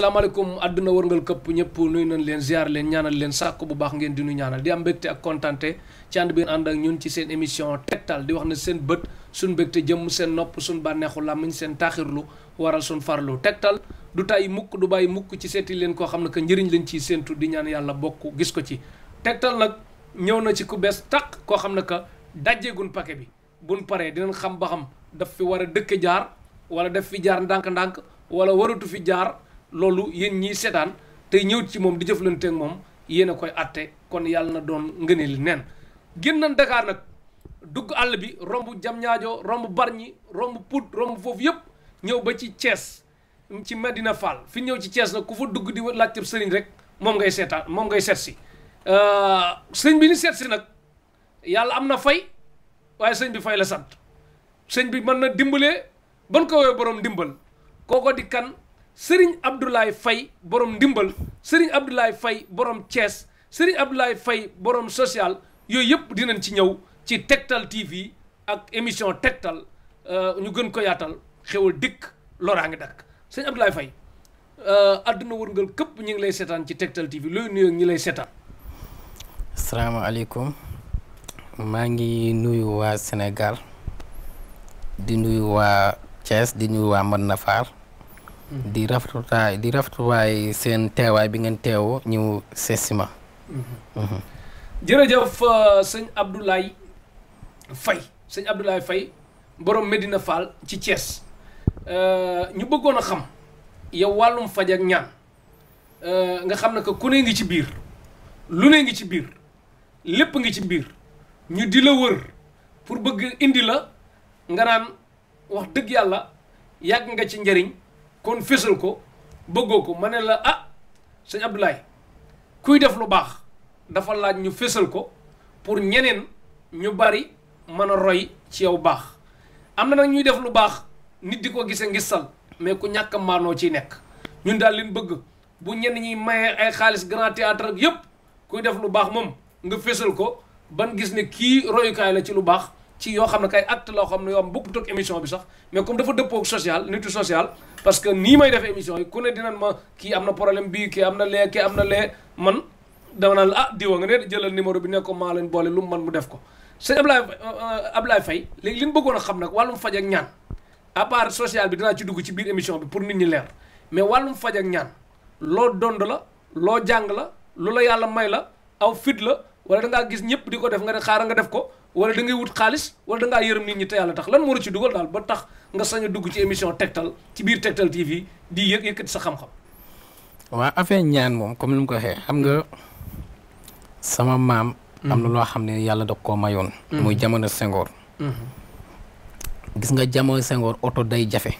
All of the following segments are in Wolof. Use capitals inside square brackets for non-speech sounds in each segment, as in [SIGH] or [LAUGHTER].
asalaamaaleykum àdduna wërngal këpp ñëpp nuyu nañ leen ziar leen ñaanal leen sàkku bu baax ngeen di nu ñaanal di am mbégte ak kontante ci ànd bi ànd ak ñun ci seen émission tegtal di wax na seen bët suñ mbégte jëmm seen nopp suñ bànneexu làmmiñ seen taaxirlu waral suñ farlu tegtal du tàyyi mukk du bàyyi mukk ci seeti leen koo xam ne que njëriñ lañ ciy séentu di ñaan yàlla bokk gis ko ci tegtal nag ñëw na ci ku bees tàq koo xam ne que dajjeegun paquet bi buñ paree dinañ xam ba xam daf fi war a dëkk jaar wala daf fi jaar ndànk-ndànk wala waratu fi jaar loolu yéen ñi seetaan tey ñëw ci moom di jëflante ak moom yéen a koy atte kon yàlla na doon li neen génn nañ Dakar nag dugg àll bi romb Diamniadio romb Bargny romb Pout romb foofu yëpp ñëw ba ci Thiès ci Medina Fall fi ñëw ci cees nag ku fa dugg di laajte sëriñ rek moom ngay seetaan moom ngay seet si euh, sëñ bi ni seet nag yàlla am na fay waaye sëñ bi fay la sant sëñ bi mën na dimbalee ban ko woowee borom dimbal kooko di kan Serigne Abdoulaye fay borom ndimbal Serigne Abdoulaye fay borom Thiès Serigne Abdoulaye fay borom sociale yooyu yëpp dinañ ci ñëw ci Tektal TV ak émission Tektal euh, ñu gën ko yaatal xewal dikk ngi dakk sëñ Abdoulaye Faye euh, àdduna wërngal këpp ñu ngi lay seetaan ci Tektal TV looy nuyoo ñi lay seetaan. asalaamaaleykum maa ngi nuyu waa Sénégal di nuyu waa Thiès di nuyu waa Mën Nafaar di rafetutaay di rafetutaay seen teewaay bi ngeen teew ñëw sesima mm-hmm. mm-hmm. jërëjëf euh, sëñ Abdoulaye Faye sëñ Abdoulaye Faye borom Medina Fall ci Thiès euh, ñu bëggoon a xam yow wàllum faj ak ñaan euh, nga xam ne que ku ne ngi ci biir lu ne ngi ci biir lépp ngi ci biir ñu di la wër pour bëgg indi la nga naan wax dëgg yàlla yàgg nga ci njëriñ kon fésal ko bëggoo ko ma la ah sëñ Abdoulaye kuy def lu baax dafa laaj ñu fésal ko pour ñeneen ñu bari mën a roy ci yow baax am na nag ñuy def lu baax nit di ko gisee ngi sal mais ku ñàkk a maanoo ciy nekk ñun daal leen bëgg bu ñenn ñi mayee ay xaalis grand théâtre ak yépp kuy def lu baax moom nga fésal ko ban gis ne kii royukaay la ci lu baax ci yoo xam ne kay acte loo xam ne yoo bukk toog émission bi sax mais comme dafa dëppoo social nitu social parce que nii may defee émission yi ku ne dinañ ma kii am na problème bii kii am na lee kii am na lee man dama naan ah diwa nga ne jëlal numéro bi ne ko maa leen boole lu mu man mu def ko sëñ Ablaye euh, euh, Ablaye Faye léegi li ñu bëggoon a xam nag wàllum faj ak ñaan à part social bi dinaa ci dugg ci biir émission bi pour nit ñi mais wàllum faj ak ñaan loo dond la loo jàng la lu la yàlla may la aw fit la wala da ngaa gis ñëpp di ko def nga ne xaaral nga def ko wala da ngay wut xaalis wala da ngaa yërëm nit ñi te yàlla tax lan moo la ci dugal daal ba tax nga sañ a dugg ci émission tegtal ci biir tegtal TV di yëg yëkkati sa xam-xam. waaw affaire ñaan moom comme ni mu ko waxee xam nga sama maam. am na mm-hmm. loo xam ne yàlla da ko mayoon. Mm-hmm. muy jamono Senghor. Mm-hmm. gis nga jamono Senghor oto day jafe.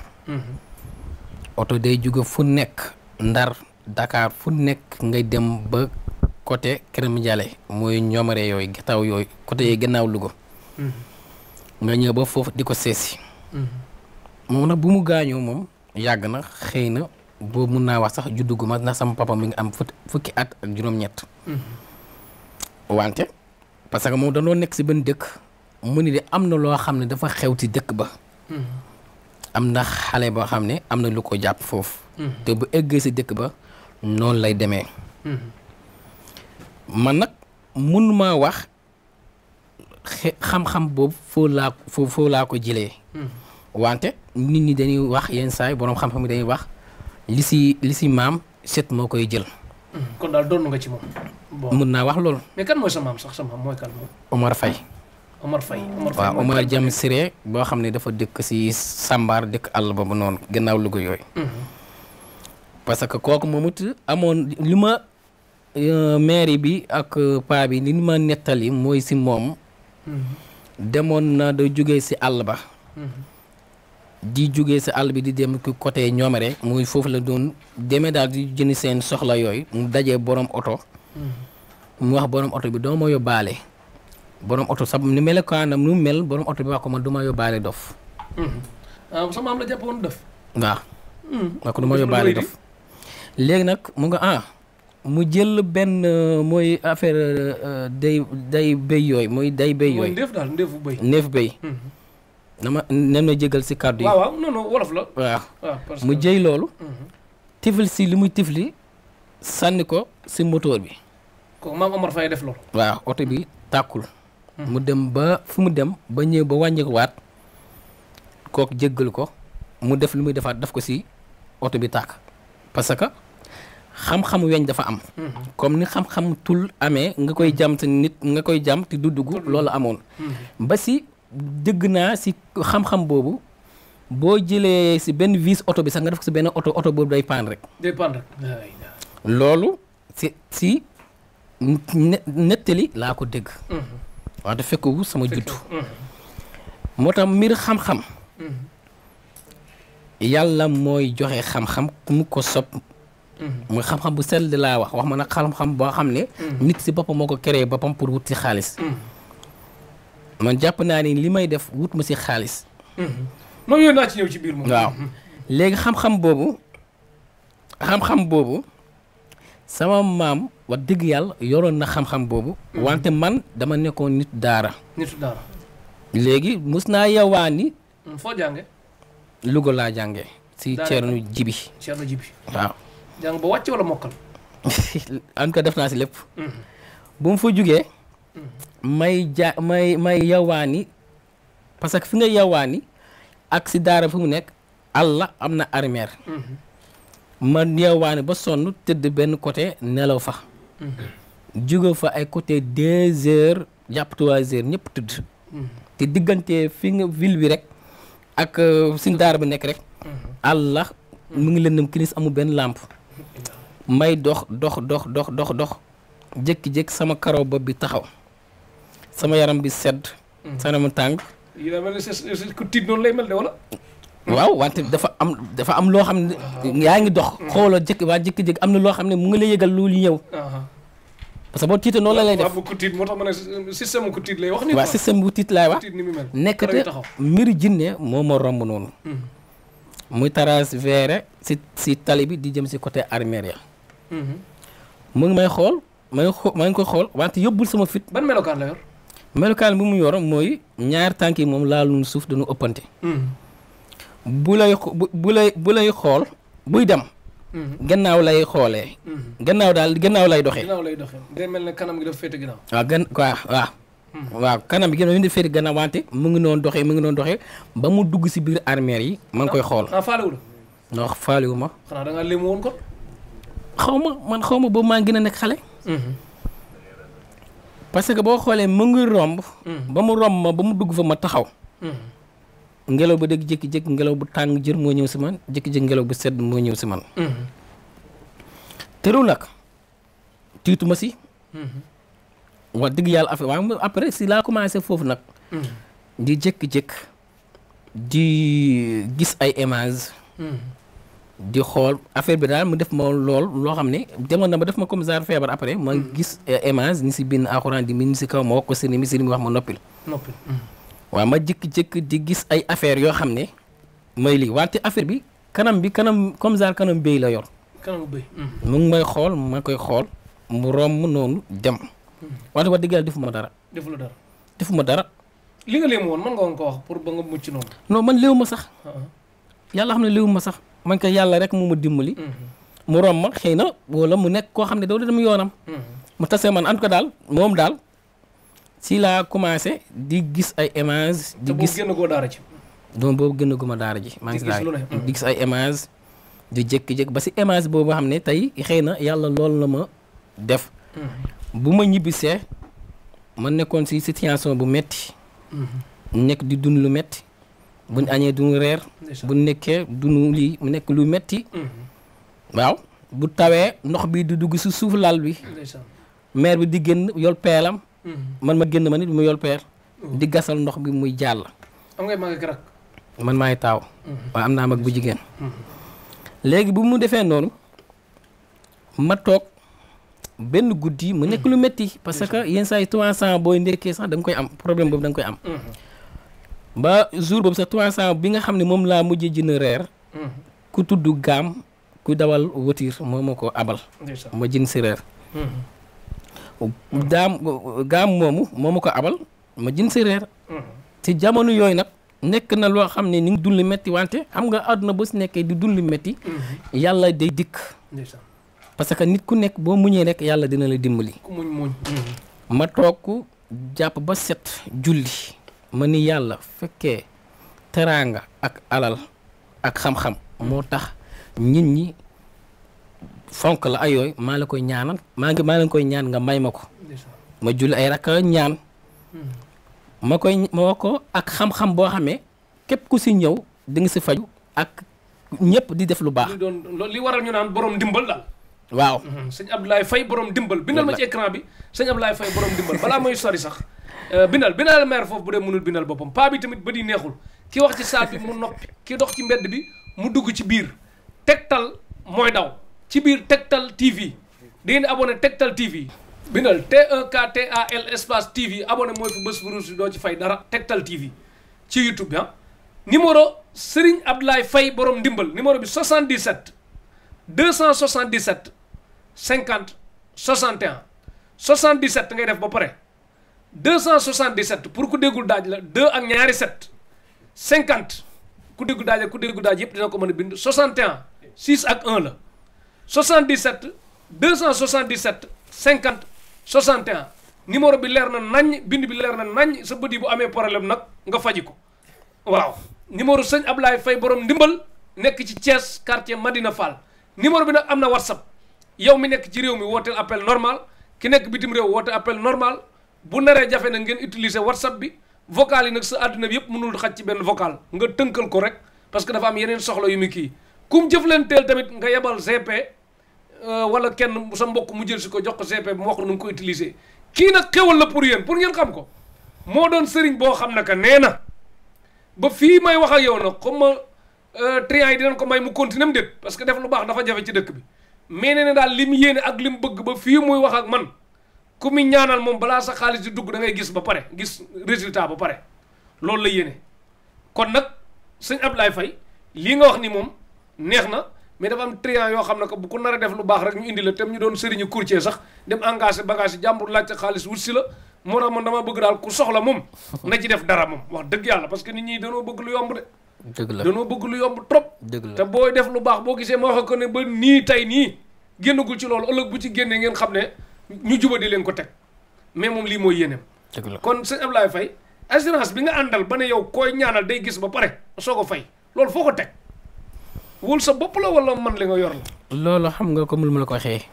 oto day jóge fu nekk ndar Dakar fu nekk ngay dem ba côté Këram Jaale mooy ñoomare yooyu gannaaw yooyu côté yooyu gannaaw Louga. nga mm-hmm. ñëw ba foofu di ko seesi. Mm-hmm. moom nag bu mu gaañoo moom yàgg na xëy na boobu mun naa wax sax gu judduguma na sama papa mi ngi am fukki at ak juróom-ñett. Mm-hmm. wante parce que moom danoo nekk si benn dëkk mu ni de am na loo xam ne dafa xew ci dëkk ba. am na xale boo xam ne am na lu ko jàpp foofu. te bu eggee si dëkk ba noonu lay deme man nag mun maa wax xam-xam boobu foo laa foo foo laa ko jëlee. Hmm. wante nit ñi dañuy wax yenn saa yi boroom xam-xam yi dañuy wax li si li si maam set moo koy jël. Hmm. kon daal doon nga ci moom. mun naa wax lool mais kan mooy sa maam sax sa maam mooy kan moom. Omar fay Omar Faye Omar Faye Jam Siré boo xam ne dafa dëkk si Sambar dëkk àll ba ba noonu gannaaw Louga yooyu. Hmm. parce que kooku moom it amoon li ma Euh, mairie bi ak euh, paa bi ni ñu ma nettali mooy si moom mm-hmm. demoon na da jóge si àll ba mm-hmm. di jóge si àll bi di dem ki côté ñoomere muy foofu la doon deme daal di jënd seen soxla yooyu mu dajee borom oto mm-hmm. mu wax borom oto bi doo ma yóbbaale borom oto sa ni melokaanam nu mel bi wax ko man du def ah, waaw nga ko du yóbbaale dof léegi nag mu nga ah mu jël benn euh, mooy affaire euh, day day béy yooyu mooy day béy yooyu. mooy ndéef daal ndéefu béy. ndéef béy. dama hmm. nem na si kàddu yi. waaw ah, mu jëy loolu. Hmm. tifli si li muy tifli sànni ko si motoor bi. kooku def loolu. waaw oto bi tàkkul. Hmm. mu dem ba fu mu dem ba ñëw ba wàññeeku kook kooku ko mu def li muy defaat daf ko si oto bi tàkk parce que. xam-xamu weñ dafa am. comme ni xam-xam tul amee nga koy jàm te nit nga koy jàm te du dugg loolu amoon. ba si dëgg naa si xam-xam boobu boo jëlee si benn vis oto bi sax nga def ko si benn oto oto boobu day paan rek. loolu si si nettali laa ko dégg. Mm-hmm. waaw te sama juddu. Mm-hmm. moo tax mbir xam-xam. Mm-hmm. yàlla mooy joxe xam-xam ku mu ko sopp muy mm-hmm. xam-xam bu sell laa wax wax ma nag xam-xam boo xam ne. Mm-hmm. nit si boppam moo ko créé boppam pour wut ci xaalis. Mm-hmm. man jàpp naa ni li may def wut ma ci xaalis. moom yow naa ci waaw léegi xam-xam boobu xam-xam boobu sama maam wax dëgg yàlla yoroon na xam-xam boobu. wante man dama nekkoon nit daara. nitu daara. léegi mus naa yawaani. Mm, foo jànge. Louga laa jànge si Thierno Djibi. Thierno waaw. jàng ba wàcc wala mokkal. [LAUGHS] en tout def naa si lépp. Mhm. bu mu fa jugee. Mhm. may ja may may yawaani parce que fi nga yawaani ak si daara fu mu nekk àlla am na armeer mhm. man yawaani ba sonn tëdd benn côté nelaw fa. jóge fa ay côté deux heures jàpp trois heures ñëpp tëdd. te diggante fi nga ville bi rek ak si euh, daara bi nekk rek. àlla mu ngi lëndëm kinis amul benn làmp. may dox dox dox dox dox dox jékki-jékki sama karaw bopp bi taxaw sama yaram bi sedd. Mm. sama mu tàng. yi daa mel tiit noonu lay mel de wala. waaw wante dafa am dafa am loo xam ne ah. yaa ngi dox. xooloo jékki waa jékki am na loo xam ne mu ngi lay yëgal loolu ñëw. Ah. parce que boo tiitee noonu la lay def waaw ku tiit ne système ku tiit lay wax. ni waaw système bu tiit laay jinne moo ma romb noonu. Mm. muy traversé si si tali bi di jëm si coté armère ya mu ngi may xool ma ngi ko ma ngi ko xool wante yóbbul sama fit. ban melokaan la yor. melokaan bi mu yor mooy ñaar tànk yi moom laaluñu suuf dañu ëppante. bu lay bu lay bu lay xool buy dem. gannaaw lay xoolee. Hmm. gannaaw daal gannaaw lay doxee. gannaaw gan waaw waaw. Hmm. waaw kanam bi dañu di féeri gannaaw wante mu ngi noonu doxee mu ngi noonu doxee ba mu dugg si biir armeer yi ma ngi koy xool ah, faalewu la wax faalewu ma xanaa xaw ma man xaw ma boobu maa gën a nekk xale hmm. parce que boo xoolee mu ngi romb hmm. ba mu romb ma ba mu dugg fa ma taxaw ngelaw ba dëgg jékki-jékki ngelaw bu tàng jër moo ñëw si man jékki-jékki ngelaw bu sedd mooy ñëw si man tëru nag tiitu ma si wax dëgg yàlla affaire waaye après si laa commencé foofu nag. Mm. di jékki-jékki di gis ay images. Mm. di xool affaire bi daal mu def ma lool loo xam ne demoon na ma def ma comme genre feebar après. ma mm. gis eh, image ni si bind alxuraan di min si kaw ma wax ko si ni mi si wax ma noppil. noppil waaw ma jékki-jékki di gis ay affaires yoo xam ne mooy lii wante affaire bi kanam bi kanam comme genre kanam béy la yor. kanam may xool ma koy xool mu romb noonu dem. wante wax dëgg yàlla defuma dara. defuma dara defuma dara. li nga léemu woon mën nga woon ko wax pour ba nga mucc noonu. non man léewu ma sax. Ah, ah. yàlla xam ne léewu ma sax man kay yàlla rek mu ma dimbali. Mhm. mu romb ma xëy na woo la mu nekk koo xam ne doo dem yoonam. mu mhm. tasee man en tout daal moom daal si laa commencé di gis ay images. di gis te boobu gën koo daara ji. donc boobu gën ji. maa ngi ay images. di jékki-jékki ba si image boobu xam ne tey xëy na yàlla lool la ma def. Mhm. bu ma ñibbisee ma nekkoon ci situation bu metti mhm. nekk di dund lu metti bu añee duñu reer bu nekkee duñu nekk lu metti mhm. waaw bu tawee ndox bi di dugg ci suuf lal bi maire bi di génn yol peelam mhm. man ma génn ma nit mu yol di gasal ndox bi muy jàll am ngay mag man maay taaw waaw am naa mag bu jigéen léegi bu mu defee noonu ma toog benn guddi mu nekk lu métti parce que yenn saa yi trois sax da am boobu da koy am mm-hmm. ba jour boobu sax trois cent bi nga xam ne moom laa mujjee jënd reer mm-hmm. ku tudd gaam ku dawal voiture moo ma mm-hmm. ko abal ma jënd si reer daam gaam moomu moo ma ko abal ma jënd si reer jamono yooyu nag nekk na loo xam ne ni ngi dund lu métti wante xam nga àdduna boo si nekkee di dund lu métti yàlla day dikk parce que nit ku nekk boo muñee rek yàlla dina la dimbali. ku muñ muñ. Mm-hmm. ma toog jàpp ba set julli ma ni yàlla fekkee teraanga ak alal ak xam-xam moo tax nit ñi fonk la ay yooyu maa la koy ñaanal maa ngi maa leen koy ñaan nga may ma ko ma julli ay rakka ñaan mm-hmm. ma koy ma ko ak xam-xam boo xamee képp ku si ñëw di si faju ak ñëpp di def lu baax li waral ñu naan borom dimbal la waaw mhm. sëñ Abdoulaye fay borom dimbal bindal ma ci écran bi sëñ Abdoulaye Faye borom dimbal balaa may sori sax euh, bindal bindal maire foofu bu dee mënul bindal boppam paa bi tamit ba di neexul ki wax ci saal bi mu noppi ki dox ci mbedd bi mu dugg ci biir Tektal mooy daw ci biir Tektal TV di ngeen abonné Tektal TV bindal T E K T A L espace TV abonné mooy fu bés bu doo ci fay dara Tektal TV ci YouTube bi ah numéro Serigne Abdoulaye Faye borom ndimbal numéro bi 77 277 cinquante soixante et un soixante dix ngay def ba pare deux cent soixante dix pour ku déggul daaj la deux ak ñaari sept cinquante ku déggu daaj ak ku déggu daaj yëpp dina ko mën a bind soixante six ak un la soixante dix sept deux cent soixante cinquante soixante et numéro bi leer na nañ bind bi leer na nañ sa bët yi bu amee problème nag nga faji ko waaw numéro sëñ Ablaye fay borom ndimbal nekk ci Thiès quartier Madina Fall numéro bi nag am na WhatsApp yow mi nekk ci réew mi wooteel appel normal ki nekk bitim réew woote appel normal bu naree jafe na ngeen utiliser whatsapp bi vocal yi nag sa àdduna bi yëpp mënul xaj ci benn vocal nga tënkal ko rek parce que dafa am yeneen soxla yu mu kii kum jëflanteel tamit nga yebal GP euh, wala kenn sa mbokk mu jël si ko jox ko GP mu wax ko nu mu ko utiliser. kii nag xewal la pour yéen pour ngeen xam ko moo doon sëriñ boo xam ne que nee na ba fii may wax ak yow na comme ma euh, triant yi dinañ ko may mu continuer mu parce que def lu baax dafa jafe ci dëkk bi. mais nee na daal li mu yéene ak li mu bëgg ba fii muy wax ak man ku mu ñaanal moom balaa sax xaalis di dugg dangay gis ba pare gis résultat ba pare loolu la yéene kon nag sëñ Ablaye fay lii nga wax ni moom neex na mais dafa am triant yoo xam ne ko bu ko nar a def lu baax rek ñu indi la tam ñu doon sëriñu courtier sax dem engagé bagage yi jàmbur laajte xaalis wut si la moo tax man dama bëgg daal ku soxla moom na ci def dara moom wax dëgg yàlla parce que nit ñi dañoo bëgg lu yomb de dëgg la danoo bëgg lu yomb trop. dëgg la te booy def lu baax boo gisee ma wax ko ne ba nii tey nii génnagul ci loolu ëllëg bu ci génnee ngeen xam ne ñu juba di leen ko teg mais moom lii mooy yéeneem. dëgg la kon sëñ Ablaye Faye assurance bi nga àndal ba ne yow koy ñaanal day gis ba pare soo ko fay loolu foo ko teg wul sa bopp la wala man li nga yor la. loolu xam nga comme lu ma la ko waxee.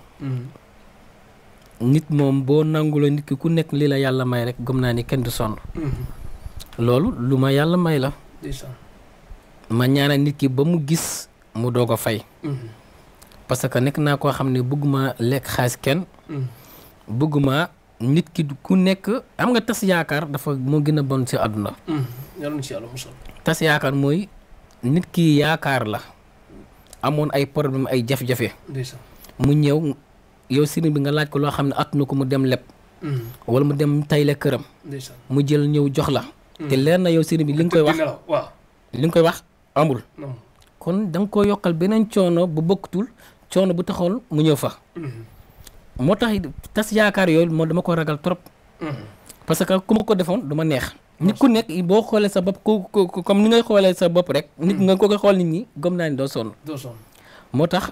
nit moom boo nangu la nit ki ku nekk li la yàlla may rek gëm naa ni kenn du sonn. Mm-hmm. yàlla may la. ma ñaanal nit ki ba mu gis mu doog a fay. Mm-hmm. parce que nekk naa koo xam ne bëgguma lekk xaalis kenn. Mm-hmm. bëgguma nit ki ku nekk am nga tas yaakaar dafa moo gën a bon si àdduna. Mm-hmm. yàlla si tas yaakaar mooy nit ki yaakaar la amoon ay problème ay jafe-jafe. mu ñëw yow sëriñ bi nga laaj ko loo xam ne attuna ko mu dem leb. wala mu dem tay këram. mu jël ñëw jox la. te leer na yow sëriñ bi li nga koy wax li nga koy wax. amul kon da nga ko yokkal beneen coono bu bokkutul coono bu taxoon mu ñëw fa mm-hmm. moo tax tas yaakaar yooyu moom dama ko ragal trop mm-hmm. parce que ku ma ko defoon du ma neex nit ku nekk boo xoolee sa bopp ku comme ni ngay xoolee sa bopp rek nit nga mm-hmm. ko koy xool nit ñi gëm naa ni doo sonn moo tax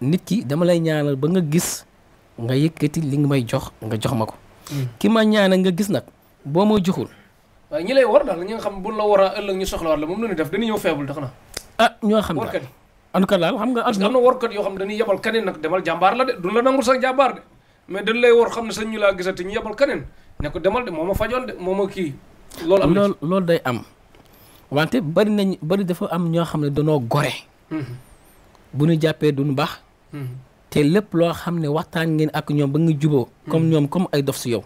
nit ki dama lay ñaanal ba nga gis nga yëkkati li nga may jox nga jox ma ko ki ma ñaanal nga gis nag boo ma joxul waaye ñi lay war daal ñi nga xam buñ la war a ëllëg ñu soxlawaat la moom la ñuy def dañuy ñëw feebul tax na ah ñoo xam nga parce que am na warkat yoo xam dañuy yebal kaneen nag demal jàmbaar dañ lay war xam ne sañ ñu laa gisati ñu yebal ne ko demal de moo ma fajoon de moo ma kii loolu am loolu loolu day am wante bari nañ bari dafa am ñoo xam ne danoo gore hmm. bu ñu jàppee du nu baax hmm. te lépp loo xam ne waxtaan ngeen ak ñoom ba nga juboo comme hmm. ñoom comme ay dof si yow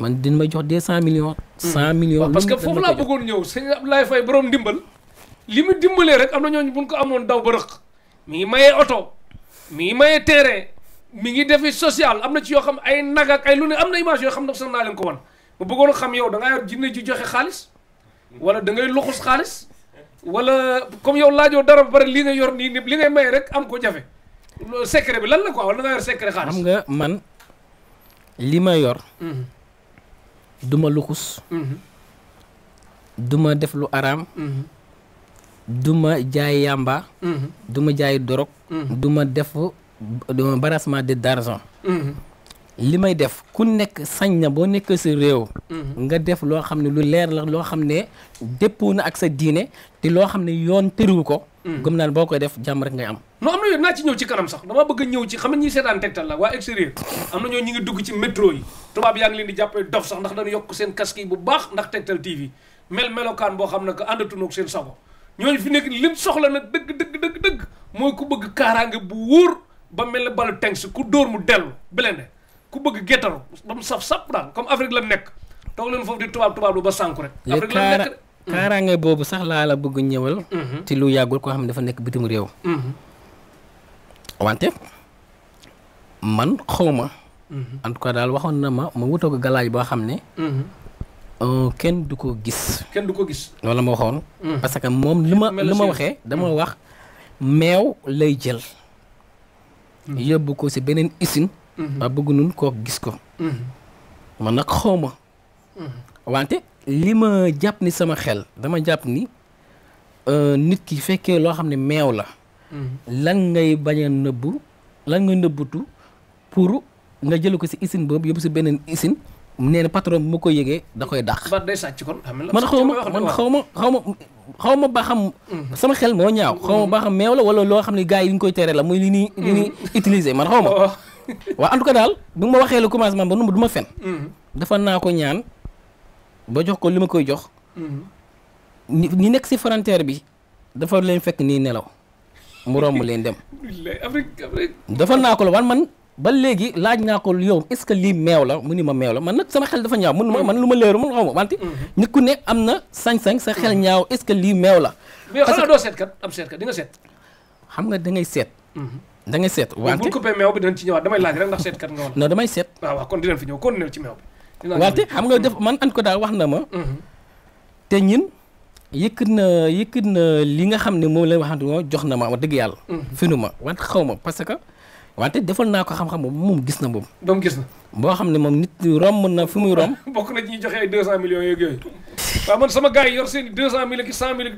man din may jox deux cent millions. cent mm. millions parce que foofu laa bëggoon ñëw li mu dimbalee rek am na ñooñu buñ ko amoon daw ba rëq mi ngi mayee oto mi ngi mayee terrain mi ngi defi social am na ci yoo xam ay nag ak ay lu ne am na image yoo xam ne sax naa leen ko wan ma bëggoon xam yow da ngaa yor jinne ji joxe xaalis wala dangay ngay luxus xaalis wala comme yow laajoo dara ba pare li nga yor nii li ngay maye rek am ko jafe secret bi lan la ko wala da nga yor secret nga man li ma yor. Mm-hmm. duma ma lukus du def lu araam mhm. du ma jaay yàmba mhm. duma jaay dorog mhm. du ma def barassement de d'argent li may def ku nekk sañ na boo nekkee sa réew nga def loo xam ne lu leer la loo xam ne déppoo na ak sa diine te loo xam ne yoon tëriwu ko Mm. gëm naa ne boo koy def jàmm rek ngay am non am na yoon naa ci ñëw ci kanam sax dama bëgg a ñëw ci xam ne ñiy seetaan tegtal la waa extérieur am na ñoo ñu ngi dugg ci métro yi tubaab yaa ngi leen di jàppee dof sax ndax dañu yokk seen casque bu baax ndax tegtal TV mel melokaan boo xam ne que àndatunoog seen sago ñooñu fi nekk lim soxla nag dëgg dëgg dëgg dëgg mooy ku bëgg kaaraange bu wóor ba mel ne balu tengs ku dóor mu dellu belende ku bëgg gettaru ba mu saf-sap daal comme Afrique la nekk toog leen foofu di tubaab tubaab ba sànku rek Mm-hmm. kaaraange boobu sax laa la bëgg ñëwal. Mm-hmm. ci lu yàggul koo xam ne dafa nekk bitim réew. Mm-hmm. wante man xaw ma. en daal waxoon na ma ma wutoo galaaj boo xam ne. Euh, kenn du ko gis. kenn du ko gis. ma waxoon. parce que moom li ma li ma waxee dama wax meew lay jël. yóbbu ko si beneen usine. ba bëgg nun koo gis ko. man nag xaw ma. wante. li ma jàpp ni sama xel dama jàpp ni euh, nit ki fekkee loo xam ne meew la mhm. lan ngay bañ a nëbbu lan nga nëbbutu pour nga jël ko si isin boobu yóbbu si beneen usine nee na patron bu ma ko yëgee da koy dàq man xaw ma man xaw ma xaw ma xaw ma ba xam mhm. sama xel moo ñaaw xaw ma ba xam meew la wala loo xam ne gaa yi ñu koy tere la muy li nuy li ñuy mhm. utiliser man xaw ma oh. waaw en daal bi ma waxee le commencement ba nu du ma fen dafa naa ko ñaan ba jox ko li ma koy jox. Mhm. ñi nekk si frontière bi dafa leen fekk nii nelaw mu romb leen dem. dafa [LAUGHS] naa ko la wan man ba léegi laaj naa ko yow est lii meew la mu ni ma meew la man nag sama xel dafa ñaaw mun ma mhm. man lu ma leeru man xaw ma mhm. ne am na sañ-sañ sa xel ñaaw est-ce que lii meew la. parce que mais xanaa doo seet kat am seet kat nga seet. xam nga da ngay seet. da ngay seet wante bu damay seet waaw ah, waaw kon dinañ fi ñëw kon ci meew bi. wante xam nga def man an ko daal wax na ma mhm. te ñin yëkkat na yëkkat na li nga xam ne moom la waxante moom jox na ma dëgg yàlla mhm. finu ma wante xaw ma parce que wante defal naa ko xam-xam moom moom gis na moom doom gis boo xam ne moom nit romb na fi muy romb [LAUGHS] bokk na ci ñuy joxe ay deux cent millions yeeg yooyu waaw man sama gars yi yor seen i deux cent mille ak cent mille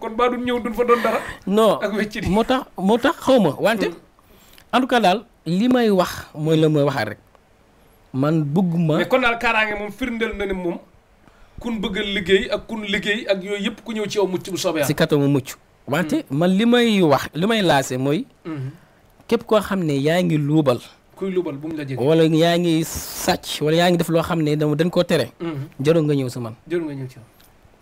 kon baa duñ ñëw duñ fa doon dara non [LAUGHS] moo tax moo tax xaw ma wante mhm. en tout daal li may wax mooy la may waxaat rek man bëgguma ma kon daal kaaraange moom firndeel na ne moom kun bëgg a liggéey ak kun liggéey ak yooyu yëpp ku ñëw ci yow mucc bu soobee si katamu mucc wante man li may wax li may laase mooy mhm. képp koo xam ne yaa ngi luubal kuy luubal bu la jege wala yaa ngi sàcc wala yaa ngi def loo xam ne dama dañ koo tere mhm. jarul nga ñëw si man jarul nga ñëw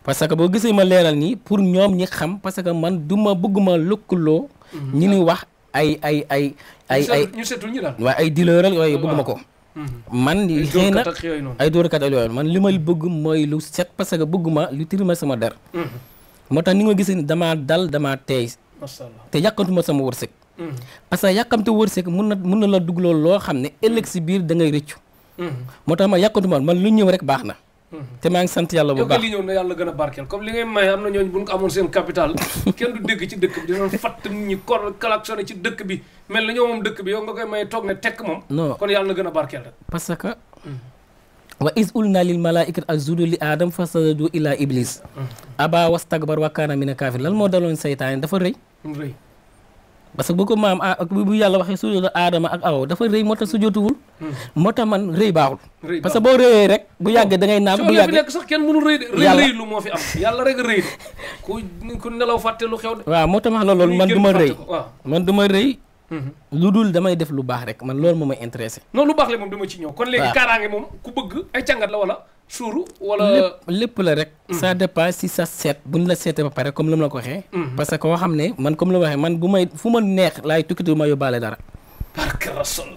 parce que boo gisee ma leeral nii pour ñoom ñi xam parce que man du ma bëgguma lëkkaloo mhm. ñi ni wax ay ay ay ay ay ñu setul ñu daal waaw ay dealer ak yooyu ah. ma ko Mm-hmm. man xëy na ay dóorkat ak yooyu man li ma bëgg mooy lu set parce que bëgguma lu tirima sama der mm-hmm. moo tax ni nga gisee ni damaa dal damaa teey te yàqantuma sama wërsëg mm-hmm. parce que yàqamte wërsëg mun na mun na la dugg loolu loo xam ne ëllëg si biir da ngay rëccu moo tax ma yàqantuma man lu ñëw rek baax na te maa ngi sant yàlla bu baax li ñëw na yàlla gën a barkeel comme li ngay may am na ñooñu bu ñu amoon seen capital [LAUGHS] kenn du dégg ci dëkk bi dinañ fatt nit ñi kor klaxonné ci dëkk bi mel na ñoo moom dëkk bi yow nga koy may toog ne tekk moom kon yàlla na gën a barkeel rek parce que mm. wa iz ulna lil malaaikati asjudu li aadam fasajadu illa iblis mm. aba wastakbara wa kaana kaafir lan moo daloon seytaane dafa rëy parce que bu ko maam ak bu yàlla waxee sujootu aadama ak aw dafa rëy moo tax sujootuwul hmm. moo tax man rëy baaxul parce que boo rëyee rek bu yàggee dangay naa naan bu yàggee nekk sax kenn mënul rëy lu moo fi am yàlla rek rëy [LAUGHS] ku ku nelaw fàtte lu xew de waaw moo tax ma la loolu man du ma rëy man du ma rëy lu dul damay def lu baax rek man loolu moo may intéressé non lu baax le moom dama ci ñëw kon léegi kaaraange moom ku bëgg ay càngat la wala suuru wala. lépp la rek. sa mm. dépend si sa seet bu ñu la seetee ba pare comme lu mu la ko waxee. Mm-hmm. parce que koo xam ne man comme lu ma waxee man bu may fu ma neex laay tukki du ma yóbbaale dara. barke rasul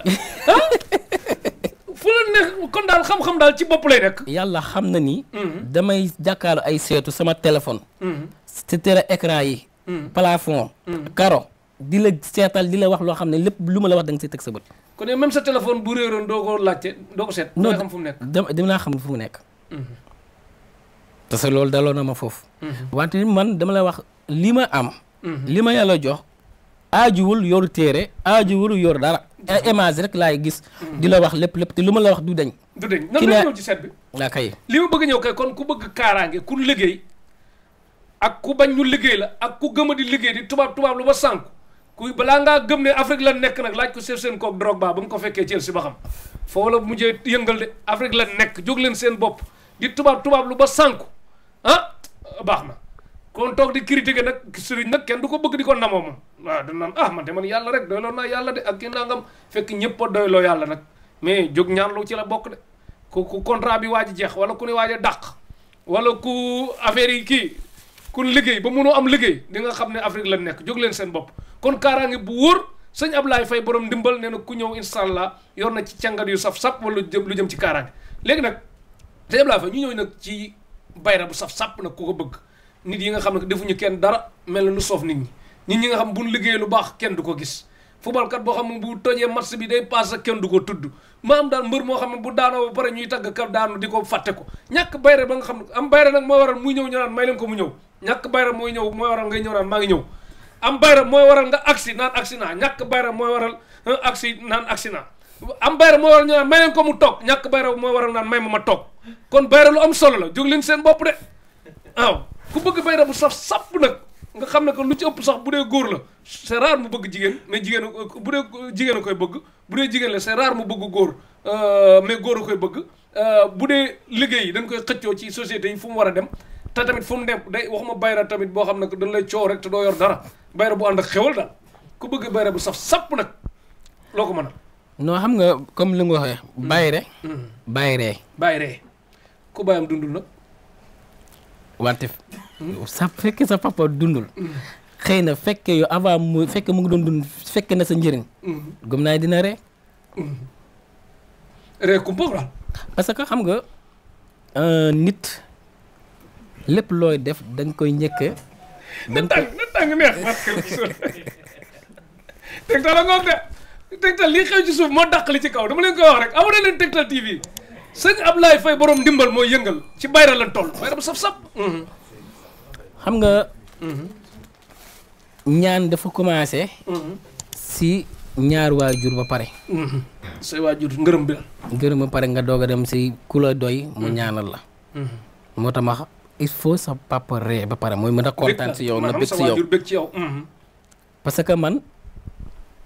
fu la neex kon daal xam-xam daal ci bopp lay rek. yàlla xam na ni. Mm-hmm. damay jàkkaaru ay seetu sama téléphone. te teel a écran yi. Mm-hmm. plafond. karo di la seetal di la wax loo xam ne lépp lu ma la wax da nga teg sa bët. kon yow même sa téléphone bu réeroon doo ko laajte doo ko seet. doo xam fu mu nekk non dama naa xam fu mu nekk. Mhm. parce que loolu daloo na ma foofu. Mhm. wante man dama la wax li ma am. Mhm. li ma yàlla jox aajuwul yor téere aajuwul yor dara. ay e, image rek laay gis. di la wax lépp lépp te lu ma la wax du dañ. du dañ nan la ñëw ci seet bi. waaw ah, kay li ma bëgg ñëw kay kon ku bëgg kaaraange ku liggéey ak ku bañ ñu liggéey la ak ku gëm di liggéey di tubaab tubaab lu ba sànku. ku balaa ngaa gëm ne Afrique la nekk nag laaj ko chef seen kook Drogba ba mu ko fekkee Chelsea ba xam foofu la mujjee yëngal de Afrique la nekk jóg leen seen bopp di tubaab tubaab lu ba sànku ah baax na kon toog di critiquer nag sëriñ nag kenn du ko bëgg di ko namoo moom waaw da naan ah man de man yàlla rek doyloo naa yàlla de ak ki nangam fekk ñëpp a doyloo yàlla nag mais jóg ñaan lu ci la bokk de ku ku contrat bi waaj jeex wala ku ne waaj a dàq wala ku affaire kon liggéey ba mënoo am liggéey di nga xam ne Afrique la nekk jóg leen seen bopp kon kaaraange bu wóor sëñ Ablaye Faye borom ndimbal nee nag ku ñëw incha allah yor na ci càngat yu saf-sap wala lu jëm ci kaaraange léegi nag sëñ Ablaye ñu ñëw nag ci bayra bu saf-sap nag ku ko bëgg nit yi nga xam ne defuñu kenn dara mel na lu soof nit ñi nit ñi nga xam bu liggéey lu baax kenn du ko gis football kat boo xam ne bu tojee match bi day paase kenn du ko tudd maam daal mbër moo xam ne bu daanoo ba pare ñuy tagg ka daanu di ko fàtte ko ñàkk bayre ba nga xam ne am bayre nag mooy waral muy ñëw ñu naan may leen ko mu ñëw ñàkk bayre mooy ñëw mooy waral ngay ñëw maa ngi ñëw am bayre mooy waral nga agsi naan agsi naa ñàkk bayre mooy waral euh, agsi naan agsi naa am bayre mooy waral ñu naan may leen ko mu toog ñàkk bayre mooy waral naan may ma ma toog kon bayre lu am solo la jóg leen seen bopp de waaw ku bëgg bayre bu saf saf nag nga xam ne que lu ci ëpp sax bu dee góor la c'est rare mu bëgg jigéen mais jigéen bu dee jigéen a koy bëgg bu dee jigéen la c'est rare mu bëgg góor euh, mais góor koy bëgg euh, bu dee liggéey yi dañ koy xëccoo ci sociétés yi fu mu war a dem te tamit fu mu dem day waxuma bayra tamit boo xam ne que dañ lay coow rek te doo yor dara bayra bu ak xewal daal ku bëgg bayra bu saf sapp nag loo ko mën a xam nga comme li nga waxee hmm. bayre hmm. bayre bayre ku bàyyam dundul nag sa fekkee sa papa dundul. xëy na fekkee yow avant mu fekk mu ngi doon dund fekke na sa njëriñ. Mm-hmm. gëm naa dina ree. Mm-hmm. ree kumpa la. parce que xam nga euh, nit lépp looy def da koy njëkk a. da nga koy na tàng neex tegtal a suuf moo dàq li ci kaw dama leen koy wax rek abonné leen tegtal TV sëñ Ablaye Faye borom ndimbal mooy yëngal ci bayra la toll bayra bu saf-saf. Mm-hmm. xam nga. ñaan dafa commencé. si ñaar waajur ba pare. say waajur ngërëm bi la. ngërëm ba pare nga doog a dem si ku la doy mu mm-hmm. ñaanal la. Mm-hmm. moo tax ma il faut sa papa ba pare mooy mën a kontaan si yow na bëgg si yow mm-hmm. parce que man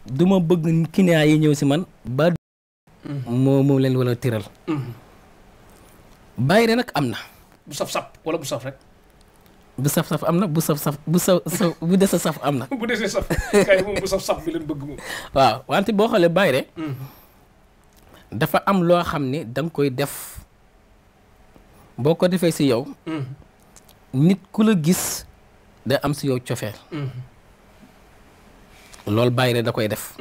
du bëgg client yi ñëw si man ba. moo moom leen wala tiral. bàyyi de nag am na. bu saf saf wala bu saf rek. bu saf saf am na bu saf saf bu sa bu dese saf am na. [LAUGHS] bu dese saf kay moom bu saf saf bi lañ bëgg moom. waaw wante boo xoolee bayre hmm. dafa am loo xam ne da koy def boo ko defee si yow. Hmm. nit ku la gis day am si yow cofeel hmm. loolu bayre da koy def.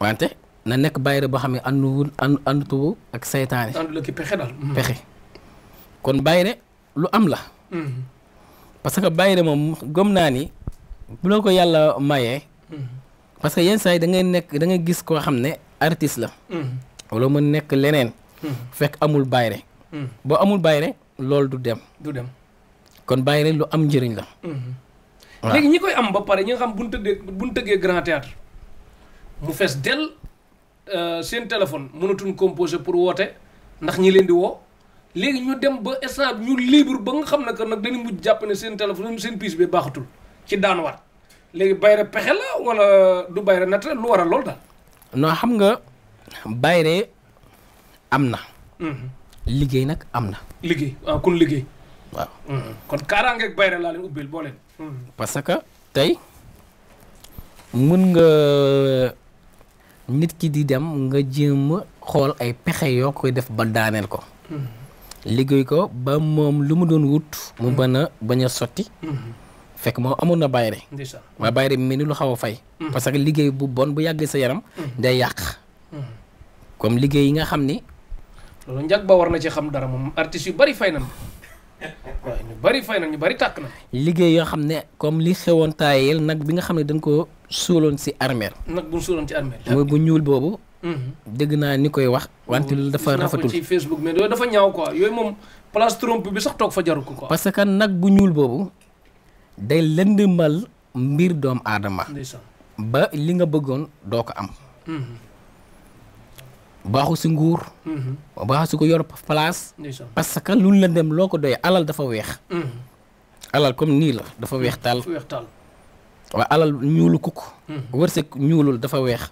wante na nekk bayre boo xam ne ànduwul ànd ak seytaane. àndul ak pexe daal pexe kon bayre lu am la. Mm-hmm. parce que bàyyire moom gëm naa ni bu la ko yàlla mayee mm-hmm. parce que yenn saa yi da nekk dangay gis koo xam ne artiste la mm-hmm. wala mu nekk leneen fekk amul bàyyire boo amul bàyyire loolu du dem du dem kon bàyyire lu am njëriñ la léegi ñi koy am ba pare ñi xam bu ñu tëddee bu ñu tëggee grand théâtre mu fees dell euh, seen téléphone mënatuñ composé pour woote ndax ñi leen di woo léegi ñu dem ba instant ñu libre ba nga xam na que nag dañu mujj jàpp ne seen téléphone seen piis bi baaxatul ci daanuwaat léegi bayre pexe la wala du bayre natt lu a lool daal. non xam nga bayre am na. Mhm. liggéey nag am na. liggéey ah liggéey. waaw mhm. kon kaaraangeeg bayre laa leen ubbil boo leen. Mhm. parce que tey mën nga nit ki di dem nga jéem xool ay pexe yoo koy def ba daaneel ko. liggéey ko ba moom lu mu doon wut. mu mën mhm. a bañ a sotti. Mhm. fekk moom amoon na bayre waaye bayre bi mel ni lu xaw a fay. Mhm. parce que liggéey bu bon bu yàggee sa yaram. day yàq. comme liggéey yi nga xam ni. loolu njàg ba war na ci xam dara moom artistes yu bari fay nañ waaw ñu na ñu bari tàkk na. liggéey yoo xam ne comme li xewoon taayel nag bi nga xam ne dañ ko suuloon si armeel nag bu ñu suuloon ci armeer. mooy bu ñuul boobu. Mm-hmm. dégg naa ni koy wax. wante lu dafa rafetul ci Facebook mais yooyu dafa ñaaw quoi yooyu moom place trompe bi sax toog fa jaru ko quoi. parce que nag bu ñuul boobu day lëndëmal mbir doomu aadama. ba li nga bëggoon doo ko am. Mm-hmm. baaxu si nguur. Mm-hmm. baaxu si ko yor place. parce que lu lëndëm loo ko doy alal dafa weex. alal comme nii la dafa weex taal. waaw alal ñuulu kukk. wërsëg ñuulul dafa weex.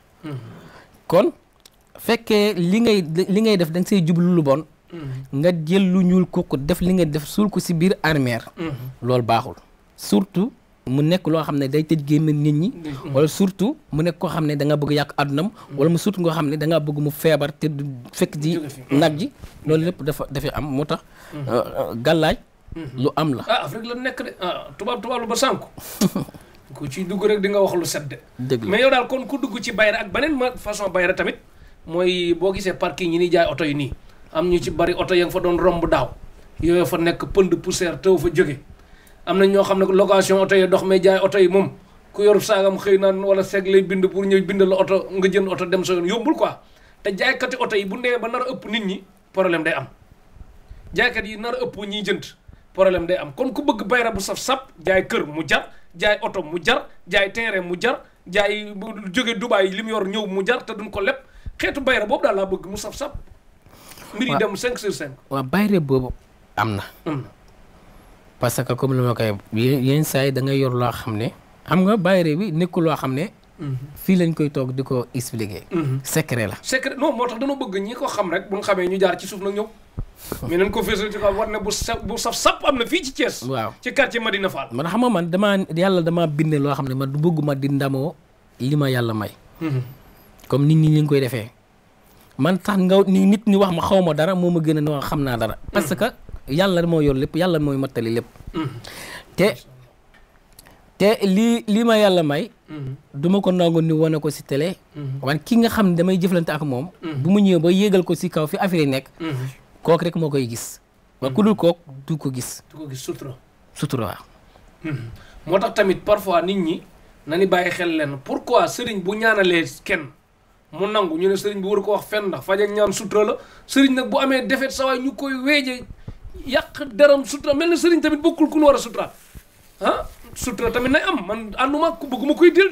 kon fekkee li ngay li ngay def da nga say jublu lu bon mm-hmm. nga jël lu ñuul kukk def li nga def suul ko si biir armeer mm-hmm. loolu baaxul surtout mu nekk loo xam ne day tëj gémmiñ nit ñi mm-hmm. wala surtout mu nekk koo xam ne da nga bëgg yàq àddunam wala mu surtout nga xam ne da bëgg mu feebar te du fekk di nag ji loolu lépp dafa dafa am moo tax euh, euh, gàllaaj lu am la ah Afrique la nekk de ah, tubaab tubaab lu ba sànku [LAUGHS] ku ci dugg rek di nga wax lu set de dëgg la mais yow daal kon ku dugg ci bayra ak beneen ma façon bayra tamit mooy boo gisee parking yi ni jaay oto yi nii am ñu ci bari oto ya nga fa doon romb daaw yooyu fa nekk pënd poussière taw fa jóge am na ñoo xam ne location oto yi dox jaay oto yi moom ku yor saagam xëy naan wala seeg lay bind pour ñëw bind la oto nga jënd oto dem sa yoon yombul quoi te jaaykati oto yi bu nee ba nar a ëpp nit ñi problème day am jaaykat yi nar a ëpp ñiy jënd problème day am kon ku bëgg bayra bu saf sap jaay kër mu jar jaay oto mu jar jaay terrain mu jar jaay bu jóge Dubaay li mu yor ñëw mu jar te ko leb xeetu bayre boobu daal laa bëgg mu saf saf mbir yi dem cinq sur cinq waa bayre boobu am na parce que comme li ma koy yenn saa yi da ngay yor loo xam ne xam nga bayre bi nekku loo xam ne mhm. fii lañ koy toog di ko expliquer mhm. secret la secret non moo tax dañoo bëgg ñi ko xam rek bu xamee ñu jaar ci suuf nag ñëw mais nañ ko ci kaw war ne bu sa bu saf sap am na fii ci Thiès waaw ci quartier Madina Fall man xam ma man damaa yàlla damaa bind loo xam ne man du bëgg ma di ndamoo li ma yàlla may mhm. comme nit ñi ñu ngi koy defee man tax nga ni nit ñi wax ma xaw ma dara moo ma gën a xam naa dara. parce que yàlla moo yor lépp yàlla mooy mattali lépp. te te lii lii ma yàlla may. duma ko nangu ni wane ko si télé. wan ki nga xam ne damay jëflante ak moom. bu mu ñëwee ba yéegal ko si kaw fi affaire nekk. kooku rek moo koy gis. waaye ku dul kooku du ko gis. ko gis sutura. sutura waaw. moo tax tamit parfois nit ñi na ni bàyyi xel leen pourquoi sëriñ bu ñaanalee kenn. mu nangu ñu ne sëriñ bi war ko wax fenn ndax ñaan sutura la sëriñ nag bu amee defet sawaay ñu koy weeje yàq deram sutura mel ne sëriñ tamit bokkul ku ñu war a sutura ah sutura tamit nay am man ànduma ku bëgguma koy dil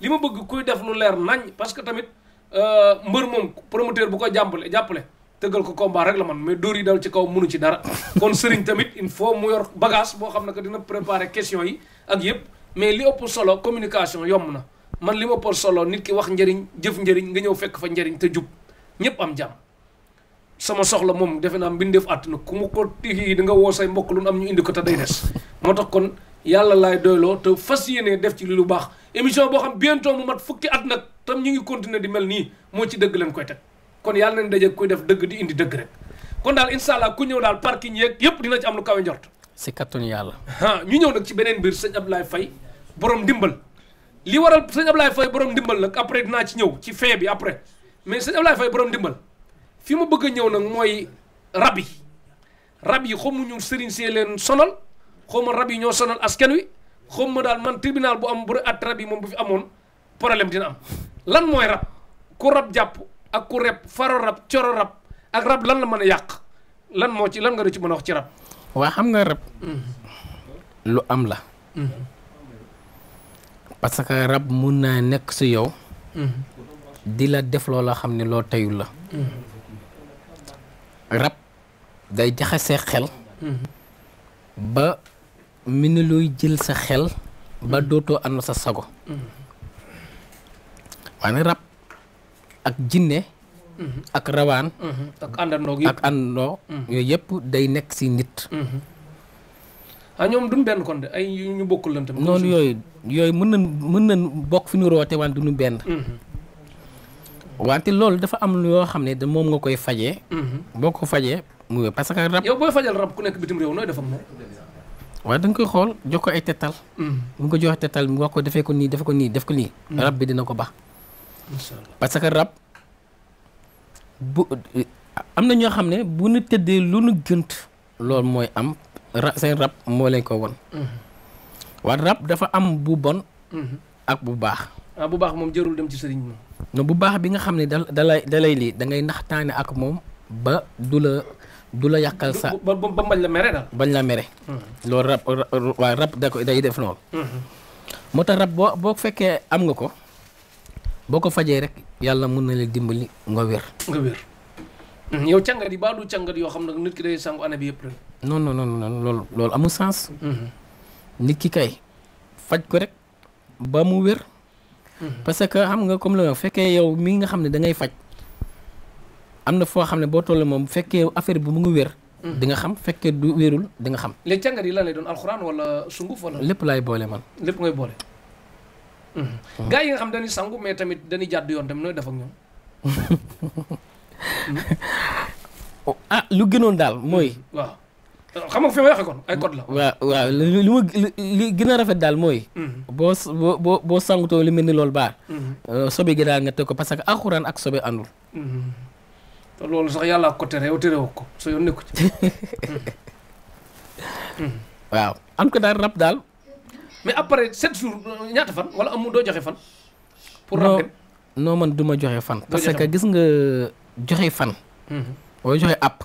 li ma bëgg kuy def lu leer nañ parce que tamit euh, mbër moom promoteur bu ko jàppale jàppale tëggal ko combat rek la man mais dóor yi dal ci kaw munu ci dara [LAUGHS] kon sëriñ tamit il faut mu yor bagage boo xam ne que dina préparer question yi ak yëpp mais li ëpp solo communication yomb na man li ma por solo nit ki wax njëriñ jëf njëriñ nga ñëw fekk fa njariñ te jub ñëpp am jàmm sama soxla moom defe naa mbindeef àtt na ku mu ko tigi da nga woo say mbokk lu am ñu indi ko te moo tax kon yàlla laay doyloo te fas yéene def ci lu baax émission boo xam bientôt mu mat fukki at nag tam ñu ngi continuer di mel nii moo ci dëgg leen koy teg kon yàlla nañ daje kuy def dëgg di indi dëgg rek kon daal incha allah ku ñëw daal parking yeeg yëpp dina ci am lu kawe njort si kattanu yàlla ñu ñëw nag ci beneen biir sëñ Abdoulaye Faye boroom ndimbal li waral sëñ Ablaye Faye borom ndimbal nag après dinaa ci ñëw ci fin bi après mais sëñ Ablaye Faye borom ndimbal fi ma bëgg ñëw nag mooy rab yi rab yi xamuñu sëriñ see leen sonal xawma rab yi ñoo sonal asken wi ma daal man tribunal bu am bu at rab yi moom bu fi amoon problème dina am lan mooy rab ku rab jàpp ak ku rep faro rab coro rab ak rab lan la mën a yàq lan moo ci lan nga ci mën a wax ci rab. waa xam nga rab. Mm-hmm. lu am la. Mm-hmm. parce que rab mun naa nekk si yow. Mm-hmm. di la def loola xam ne loo teyul la. Mm-hmm. rab day jaxasee xel. Mm-hmm. ba mi ne luy jël sa xel. ba dootoo ànd sa sago. waane rab ak jinne ak rawaan. ak àndandoo ak day nekk si nit. ah ñoom duñ benn ay ñu bokkul lan tamit. noonu yooyu mën nañ mën nañ bokk fi ñu roote benn. Mm-hmm. wante loolu dafa am yoo xam ne de moom nga koy fajee. Mm-hmm. boo ko fajee mu parce que rab. yow rab ku nekk bitim réew nooy defam moom. da koy xool jox ko ay tetal. bu mm-hmm. ko joxee tetal mu wax ko defee ko nii def ko nii def ko nii. rab bi dina ko baax. parce que rab na ñoo xam ne bu nu tëddee lu nu gënt. loolu mooy am. ra seen rab moo leen ko won mhm. waa rab dafa am bu bon mhm. ak bu baax ah, bu baax moom jërul dem ci sëriñ moom non bu baax bi nga xam ne da dalay dalay lii da ngay ak moom ba du la du la yàqal sa ba bañ la mere la mere mhm. loolu rab rab da ko day def loolu moo tax rab boo boo fekkee am nga ko boo ko fajee rek yàlla mun na la dimbali nga wér nga wér yow càngat yi baa du càngat yoo xam ne nit ki day sangu année bi noonu non non non loolu loolu amul sens. Mm-hmm. nit ki kay faj ko rek ba mu wér. Mm-hmm. parce que xam nga comme la fekkee yow mi nga xam ne dangay faj am na foo xam ne boo toll moom bu fekkee affaire bi mu ngi wér. Mm-hmm. di nga xam fekkee du wérul di nga xam. léegi jàngat yi lan lay doon alxuraan wala sunguf wala. lépp laay boole man. lépp ngay boole. gaa yi nga xam dañuy sangu mais tamit dañuy jàdd yoon tamit nooy def ak [LAUGHS] ah lu gënoon daal mooy. xam nga fi ma la. waaw waaw li ma li gën a rafet daal mooy. Mm-hmm. boo boo boo sangutoo li mel ni loolu baar. Mm-hmm. Euh, sobe gi daal nga teg ko parce que alxuraan ak sobe àndul. Mm-hmm. sax yàlla ko tere yow terewoo ko [LAUGHS] waaw am ko daal rab daal. mais après sept jour euh, ñaata fan wala amu doo joxe fan. pour rab non man du joxe fan. parce que gis nga euh, joxe fan. boo joxe app.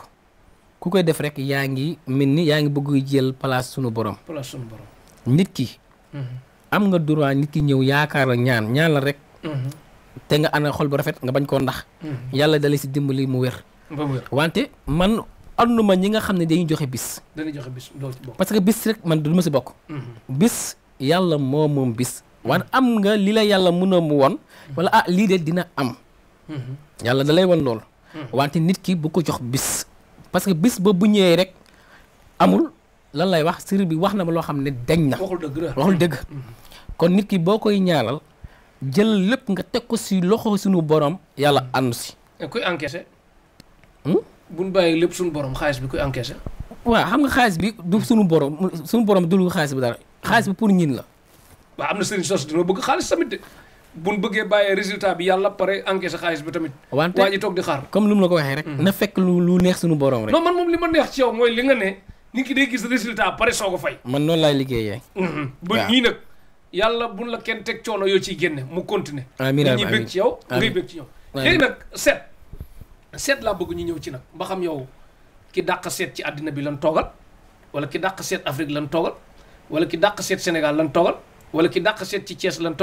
ku koy def rek yaa ngi mel ni yaa ngi bëgg jël place sunu borom. nit ki. Mhm. am nga droit nit ki ñëw yaakaar la ñaan ñaan la rek. Mhm. te nga ànd xol bu rafet nga bañ koo ndax. Mhm. yàlla dalee si dimbali mu wér. wante man àndu ñi nga xam ne dañuy joxe bis. dañuy joxe bis loolu que bis rek man du ma si bokk. bis yàlla moo moom bis. wan am nga li la yàlla mën a mu woon. wala ah lii de dina am. yàlla da lay wan lool. wante nit ki bu ko jox bis. parce que bis ba bu ñëwee rek amul lan lay wax sëriñ bi wax na ma loo xam ne deñ na. waxul dëgg waxul dëgg. kon nit ki boo koy ñaalal jël lépp nga teg ko si loxo sunu borom yàlla ànd si. et kuy encaissé. Hmm? bu ñu bàyyi lépp suñu borom xaalis bi kuy encaissé. waaw xam nga xaalis bi du suñu borom suñu borom du lu xaalis bi dara xaalis bi pour ñin la. waaw am na sëriñ sos dina bëgg xaalis tamit de. buñ bëggee bàyyee résultat bi yàlla pare encaissé xaalis bi tamit wante waa ji toog di xaar comme lu mu la ko waxee rek mm-hmm. na fekk lu lu neex suñu borom rek non man moom li ma neex ci yow mooy li nga ne nit ki day gis résultat pare soo ko fay man noonu laay liggéeyee mm-hmm. ba ñii nag yàlla buñ la kenn teg coono yoo ci génne mu continuer nit ñi bëgg ci yow ngay bëgg ci yow léegi nag seet seet laa bëgg ñu ñëw ci nag ba xam yow ki dàq seet ci àddina bi lan toogal wala ki dàq seet Afrique lan toogal wala ki dàq seet Sénégal lan toogal wala ki dàq seet ci Thiès lan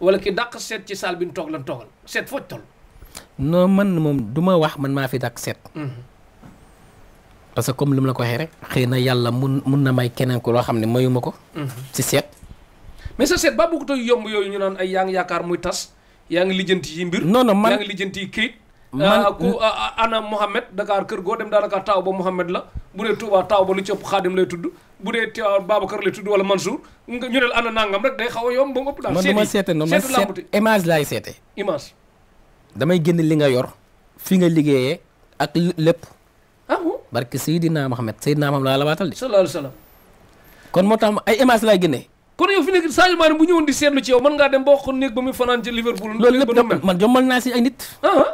wala ki dàq seet ci saal bi ñu la lan toogal seet fooj tol non man moom du wax man maa fi dàq seet mm-hmm. parce que comme lu mu la ko waxee rek xëy na yàlla mun mun na may keneen ko loo xam ne mayuma ko ci mm-hmm. seet mais sa seet ba bu ko toy yomb yooyu ñu naan ay yaa ngi yaakaar muy tas yaa ngi lijjanti yi mbir non man yaa ngi lijjanti yi këyit man euh, ku euh, euh, ana Mohamed Dakar kër goo dem daanaka taaw ba Mohamed la bu dee Touba taaw ba lu ci ëpp xaadim lay tudd bu dee Tiwaawan Babacar lay tudd wala Mansour nga ñu ne ana nangam rek day xaw yoom yomb ba mu ëpp daal. ma seete noonu ma seet image laay seete. image. damay génn li nga yor fi nga liggéeyee ak lépp. ah bon barke Seydina Mohamed Seydina Mohamed la waatal de. sallallahu alayhi wa sallam. kon moo tax ay image laay génnee. kon di seetlu ci yow mën ngaa dem boo xool néeg ba muy fanaan ci Liverpool. loolu lépp man jommal naa si ay nit. Ah ah.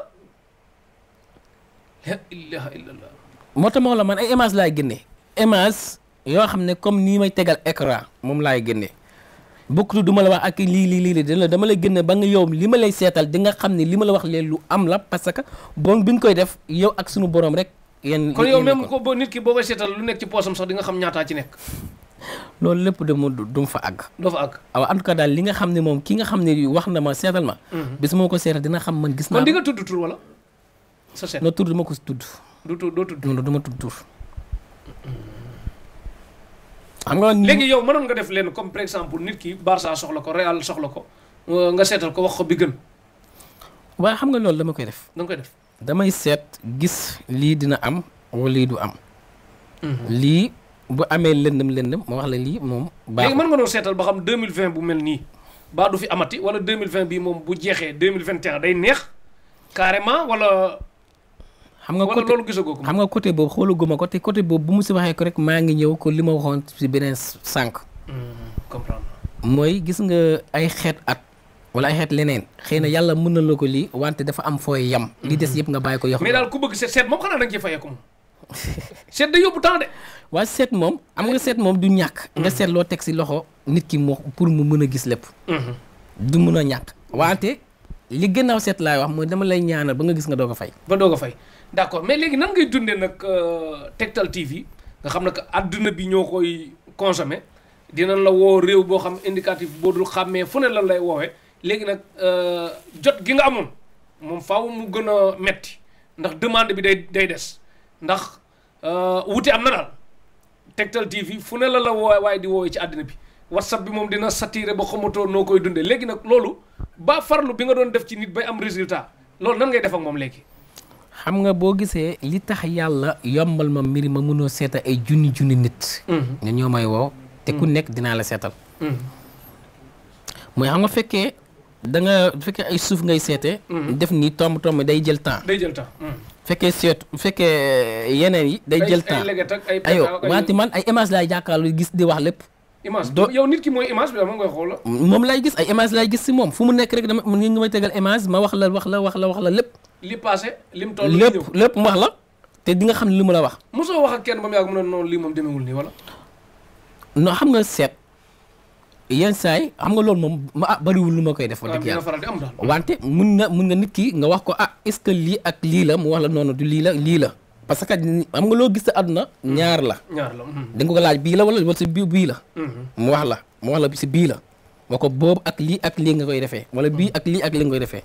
moo tax moom la man ay image laay génne image yoo xam ne comme nii may tegal écran moom laay génne bokkut du ma la wax ak lii lii lii dina la dama lay génne ba nga yow li ma lay seetal di nga xam ne li ma la wax leen lu am la parce que bon bi nga koy def yow ak sunu borom rek. yéen kon yow même ko boo koy seetal lu nekk ci poosam nga xam ñaataa ci nekk. loolu lépp de mu du fa àgg. doo fa àgg waaw en tout daal li nga xam ne moom ki nga xam ne wax na ma seetal ma. Mm-hmm. bis moo ko seetal dina xam man gis naa. kon di nga tudd tur sa seen no tur ma ko tudd. du tu doo tudd non du ma nga. léegi yow mënoon nga def leen comme exemple nit ki Barça soxla ko Real soxla ko euh, nga seetal ko wax ko bi gën. waaye xam nga loolu dama koy def. dama koy def damay seet gis lii dina am wala lii du am. Mhm. lii bu amee lëndëm lëndëm ma wax la lii moom. baaxul léegi mën nga doon seetal ba xam vingt bu mel nii. baa du fi amati mille 2020 bii moom bu jeexee vingt 2021 day neex carrément wala xam nga côté loolu gisagoo ko xam nga côté boobu ko te côté boobu bu mu si waxee ko rek maa ngi ñëw ko li ma waxoon si beneen sànq. Hmm, comprendre mooy gis nga ay xeet at. wala ay xeet leneen xëy na hmm. yàlla mën na la ko lii wante dafa am foo yam. Hmm. li des yëpp nga bàyyi ko yox daal ku bëgg seet seet moom xanaa da nga ciy fayeeku moom [LAUGHS] seet da yóbbu temps de. waaye seet moom am nga seet moom du ñàkk. nga seet loo teg si loxo nit ki moo pour mu mën a gis lépp. du mën a ñàkk. wante li gënaaw seet laay wax mooy dama lay ñaanal ba nga gis nga doog a fay. ba doog a fay. d' accord mais léegi nan ngay dundee nag euh, Tektal TV nga xam ne que àdduna bi ñoo koy consommé dina la woo réew boo xam indicatif boo dul xàmmee fu lan lay woowee léegi nag euh, jot gi nga amoon moom faaw mu gën a metti ndax demande bi day day des ndax euh, wute am na daal Tektal TV fu ne la la woowee waaye di woowee ci àddina bi WhatsApp bi moom dina saturé ba xamatoo noo koy dundee léegi nag loolu ba farlu bi nga doon def ci nit bay am résultat loolu nan ngay def moom léegi. xam nga boo gisee li tax yàlla yombal ma mbir ma mënoo seetal ay junni junni nit. Mm-hmm. ne ñoo may woo. te ku mm-hmm. nekk dinaa la seetal. Mm-hmm. mooy xam nga fekkee da nga fekkee ay suuf ngay seete. def nii tomb tomb day jël temps. day jël fekkee seet fekkee yeneen yi. day jël temps ay ay wante man ay image laay jàkkaarloo gis di wax lépp. image yow nit ki mooy image bi moom ngay gis ay image laay gis si moom fu mu nekk rek dama ngi may tegal image ma wax la wax la wax la wax la lépp. li passé lim lépp lépp mu wax la te di nga xam li mu la wax. mosoo wax ak kenn ba mu yàgg mu ne noonu lii moom demewul nii wala. non xam nga seet yenn saa yi xam nga moom ma ah bariwul lu ma koy def. dëgg yàlla wante mun na mun nga nit ki nga wax ko ah est-ce que lii ak lii la mu wax noonu du lii la lii la. parce que am nga loo gis sa àdduna hmm. ñaar la. ñaar la hmm. da nga ko laaj bii la wala wala si bii la. Hmm. mu wax la mu wax la si bii la. moo ko boobu ak lii ak lii nga koy defee. wala bii ak lii ak lii nga koy defee.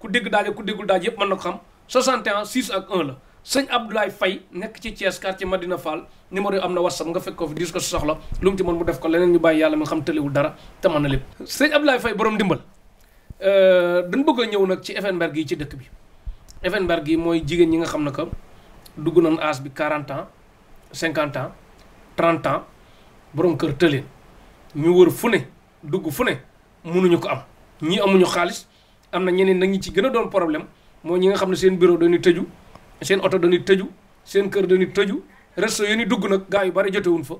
ku dégg daaj ak ku déggul daaj yëpp mën na ko xam 61 6 ak 1 la sëñ Abdoulaye Faye nekk ci Thiès quartier Madina Fall numéro yi am na whatsapp nga fekk ko fi dis ko soxla lu mu ci mën mu def ko leneen ñu bàyyi yàlla mi nga xam tëlewul dara te mën na lépp sëñ Abdoulaye Faye borom ndimbal euh, dañ bëgg a ñëw nag ci Effenberg yi ci dëkk bi Effenberg yi mooy jigéen ñi nga xam ne que dugg nañ âge bi 40 ans 50 ans 30 ans borom kër tëleen ñu wër fu ne dugg fu ne mënuñu ko am amuñu xaalis am na ñeneen nag ñi ci gën a doon problème moo ñi nga xam ne seen bureau dañuy tëju seen oto dañuy tëju seen kër dañuy tëju resto yi ni dugg nag gaa yu bari jotewuñ fa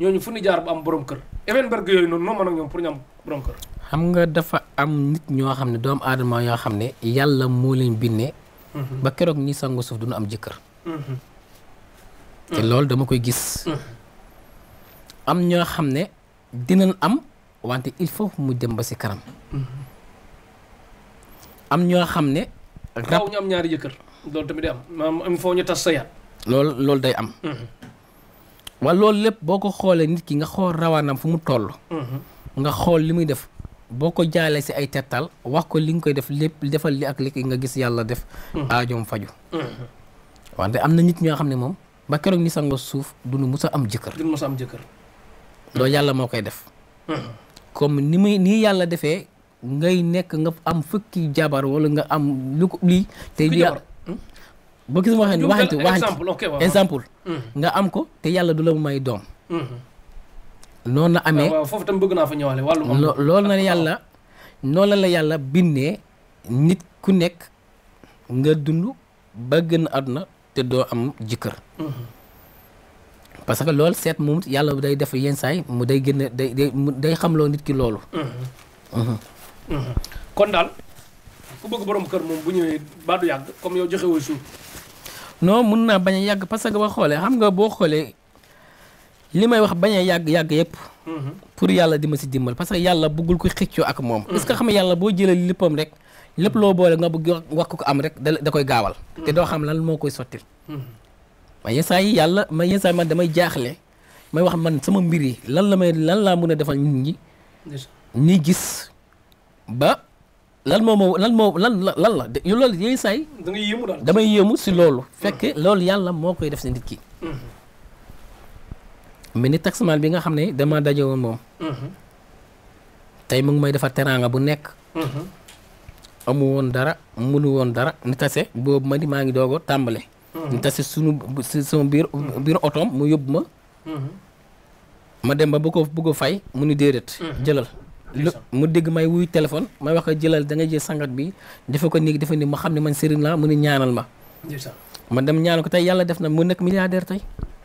ñooñu fu ñu jaar ba am borom kër Evenberg yooyu noonu noo mën ak ñoom pour ñu am borom kër xam nga dafa am nit ñoo xam ne doomu aadama yoo xam ne yàlla moo leen binne mhm. ba keroog ñi sangu suuf duñu am jëkkër mhm. te loolu dama koy gis mhm. am ñoo xam ne dinañ am wante il faut mu dem ba si kanam am ñoo xam ne. raw ñu am ñaari jëkkër loolu tamit day am maanaam ñu tas sa yaat. loolu loolu day am. Mm-hmm. waaye lépp boo ko xoolee nit ki nga xool rawaanam fu mu toll. Mm-hmm. nga xool li muy def boo ko jaalee si ay tettal wax ko li nga koy def lépp defal li ak li nga gis yàlla def. Mm-hmm. aajoom faju wante am na nit ñoo xam ne moom ba keroog ni sangoo suuf du nu mus a am jëkkër. du nu mus am jëkkër. loolu yàlla moo koy def. comme ni muy nii yàlla defee ngay nekk nga am fukki jabar wala nga am lu ko lii. te yàlla boo hmm? gis ma waxee waxante waxante nga am ko te yàlla du la may doom. Hmm. noonu la amee waaw foofu tam bëgg naa fa ñëwaale wàllu loolu na yàlla noonu la yàlla bindee nit ku nekk nga dund ba gën a àdduna te doo am jëkkër. Hmm. parce que lool seet moom yàlla day def yenn saay mu day gën a day day day nit ki loolu. kon daal ku bëgg borom kër moom bu ñëwee ba du yàgg comme yow joxe woo suuf. non mun naa bañ a yàgg parce que ba xoolee xam nga boo xoolee li may wax bañ a yàgg yàgg yëpp. Mhm. pour yàlla di ma si dimbal parce que yàlla bëggul ko xëccoo ak moom. est ce que mhm. xam yàlla boo jëlee léppam rek lépp loo boole nga bëgg wax ko am rek da koy gaawal. te mhm. doo xam lan moo koy sottil ma yenn saa yi yàlla ma yenn saa man damay jaaxle may wax man sama mbir yi lan la may lan laa mën a defal nit ba lan moo ma lan moo lan lan la yu loolu yooyu saay da ngay yéemu daal damay yéemu si loolu mm-hmm. fekk loolu yàlla moo koy def si nit ki mais mm-hmm. ni taximaan bi nga xam ne dama daje woon moom mm-hmm. tey mu ngi may defar teraanga bu nekk amu woon dara munu woon dara ni tase boobu ma di maa ngi doogo tàmbale ni tase sunu sama biir biir otoom mu yóbbu ma ma dem ba bu ko bëgg a fay mu ni déedéet jëlal mu dégg may wuy téléphone may wax ko jëlal da ngay jël sangat bi dafa ko nii dafa ni ma xam ne man sëriñ laa mu ne ñaanal ma man dem ñaanal ko tey yàlla def na mu nekk milliardaire tey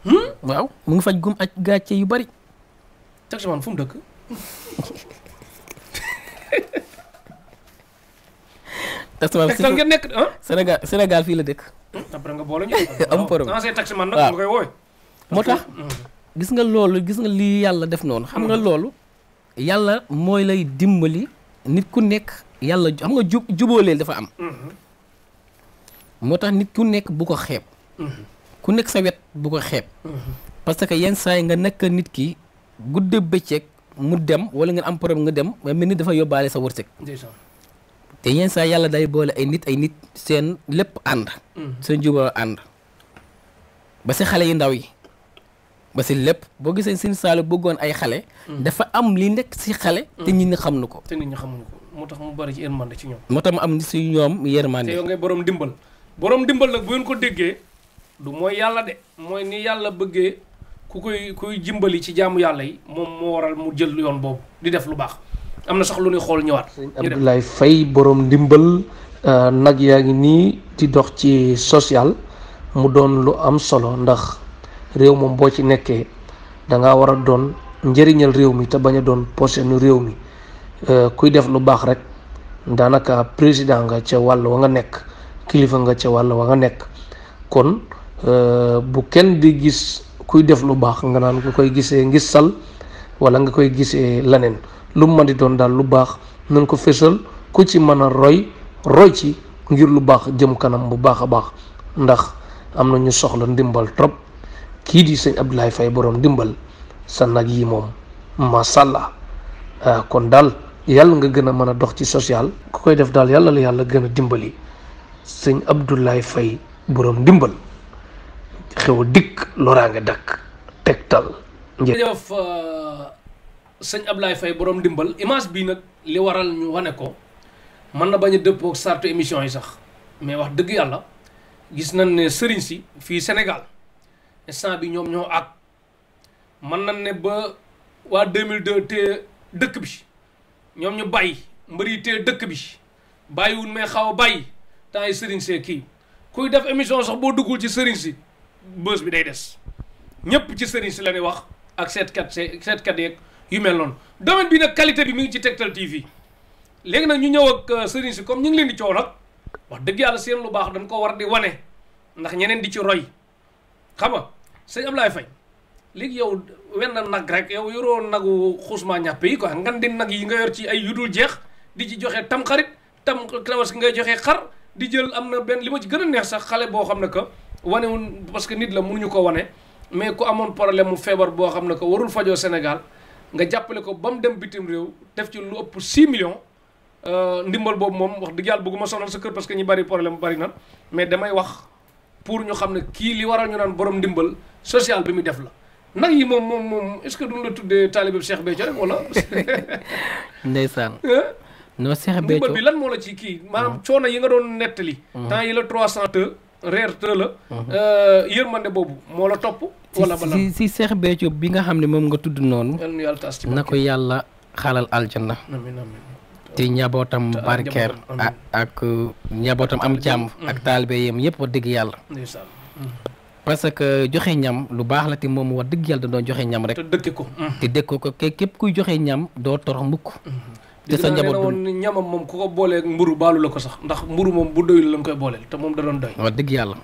hmm? waaw mu ngi faj gum ak gàcce yu bari Cheikh Soumane fu nga nekk ah. Sénégal Sénégal fii la dëkk. Hmm? nga boole ñu. [LAUGHS] am problème moo tax hmm. gis nga loolu gis nga lii yàlla def noonu. xam nga loolu yàlla mooy lay dimbali nit ku nekk yàlla xam nga jub jubooleel dafa am mm-hmm. moo tax nit ku nekk bu ko xeeb mm-hmm. ku nekk sa wet bu ko xeeb mm-hmm. parce que yenn saa yi nga nekk nit ki gudde bëccëg mu dem wala nga am problème nga dem mel nit dafa yóbbaale sa wërsëg te yenn saa yàlla day boole ay nit ay nit seen lépp ànd seen juboo ànd ba si xale yu ndaw yi ba si lépp boo gisee Sëñ Saalu bëggoon ay xale. Mm. dafa am li nekk si xale. Mm. te nit ñi xam na ko. te nit ñi xamuñu ko moo tax mu bari ci yërmande ci ñoom. moo tax mu am si ñoom yërmande. te yow ngay borom dimbal borom dimbal nag bu ko déggee mooy yàlla de mooy ni yàlla bëggee ku koy jimbali ci jaamu yàlla yi moom moo waral mu jël yoon boobu di def lu baax am na sax lu ñuy xool ñëwaat. ñu def Abdoulaye Faye boroom dimbal euh, nag yaa ngi nii di dox ci social mu doon lu am solo ndax. réew moom boo ci nekkee danga war a doon njëriñal réew mi te bañ a doon posenu réew mi euh, kuy def lu baax rek daanaka président nga ca wàll wa nga nekk kilifa nga ca wàll wa nga nekk kon euh, bu kenn di gis kuy def lu baax nga naan nga koy gisee sal wala nga koy gisee leneen lu mu mën di doon daal lu baax nañ ko fésal ku ci mën a roy roy ci ngir lu baax jëm kanam bu baax a baax ndax am na ñu soxla ndimbal trop kii di sëñ Abdoulaye fay borom dimbal sa nag yi moom macha allah euh, kon daal yàlla nga gën a mën a dox ci social ku koy def daal yàlla la yàlla gën a dimbali sëñ Abdoulaye fay boroom ndimbal xew dikk loraange dakk tegtal. jërëjëf euh, sëñ Abdoulaye Faye borom dimbal image bii nag li waral ñu wane ko mën na bañ a dëppoo sartu émission yi sax mais wax dëgg yàlla gis nañ ne sëriñ si fii Sénégal. instant bi ñoom ñoo ak man nañ ne ba waa 2002 te dëkk bi ñoom ñu bàyyi mbër yi te dëkk bi bàyyiwul mais xaw a bàyyi te yi sëriñ see kii kuy def émission sax boo duggul ci sëriñ si bës bi day des ñëpp ci sëriñ si la ñuy wax ak seetkat seetkat yeeg yu mel noonu. domaine bi nag qualité bi mi ngi ci Tektal TV léegi nag ñu ñëw ak euh, sëriñ si comme ñu ngi leen di coow wax dëgg yàlla seen lu baax dañ ko war di wane ndax ñeneen di ci roy xam sëñ Ablaye Faye léegi yow wenn nag rek yow yoroo nagu xusma ñàpp yi quoi ngan di nag yi nga yor ci ay yudul jeex di ci joxe tam xarit tam tabaski ngay joxe xar di jël am na benn li ma ci gën a neex sax xale boo xam ne que wanewun parce que nit la mënuñu ko wane mais ku amoon problème mu feebar boo xam ne que warul fajoo Sénégal nga jàppale ko ba mu dem bitim réew def ci lu ëpp 6 millions euh, ndimbal boobu moom wax dëgg yàlla bëgguma sonal sa kër parce que ñi bari problème bari na mais damay wax pour ñu xam ne kii li waral ñu naan borom ndimbal social bi mu def la nag yi moom moom moom est-ce que duñ la tuddee taalibe Cheikh Béthio rek wala. [LAUGHS] ndeysaan. [LAUGHS] non Cheikh bi lan moo la ci kii maanaam mm-hmm. coono yi nga doon nettali. Mm-hmm. temps yi la 302 reer te la. Mm-hmm. Euh, yërmande boobu moo la topp. wala ba si si Cheikh Béthio bi nga xam ne moom nga tudd noonu. na ko yàlla xalal aljanna. amiin amiin te njabootam barkeer ak uh, njabootam am jàmm ak taalibe yam yëpp wax dëgg yàlla parce que joxe ñam lu baax la te moom wax dëgg yàlla da joxe ñam rek te ko te dëkk ko képp kuy joxe ñam doo torox mukk mm-hmm. te sa njaboot du woon moom ku ko boolee mburu baalu la ko sax ndax mburu moom bu doyul la nga koy booleel te moom da doon doy wax dëgg yàlla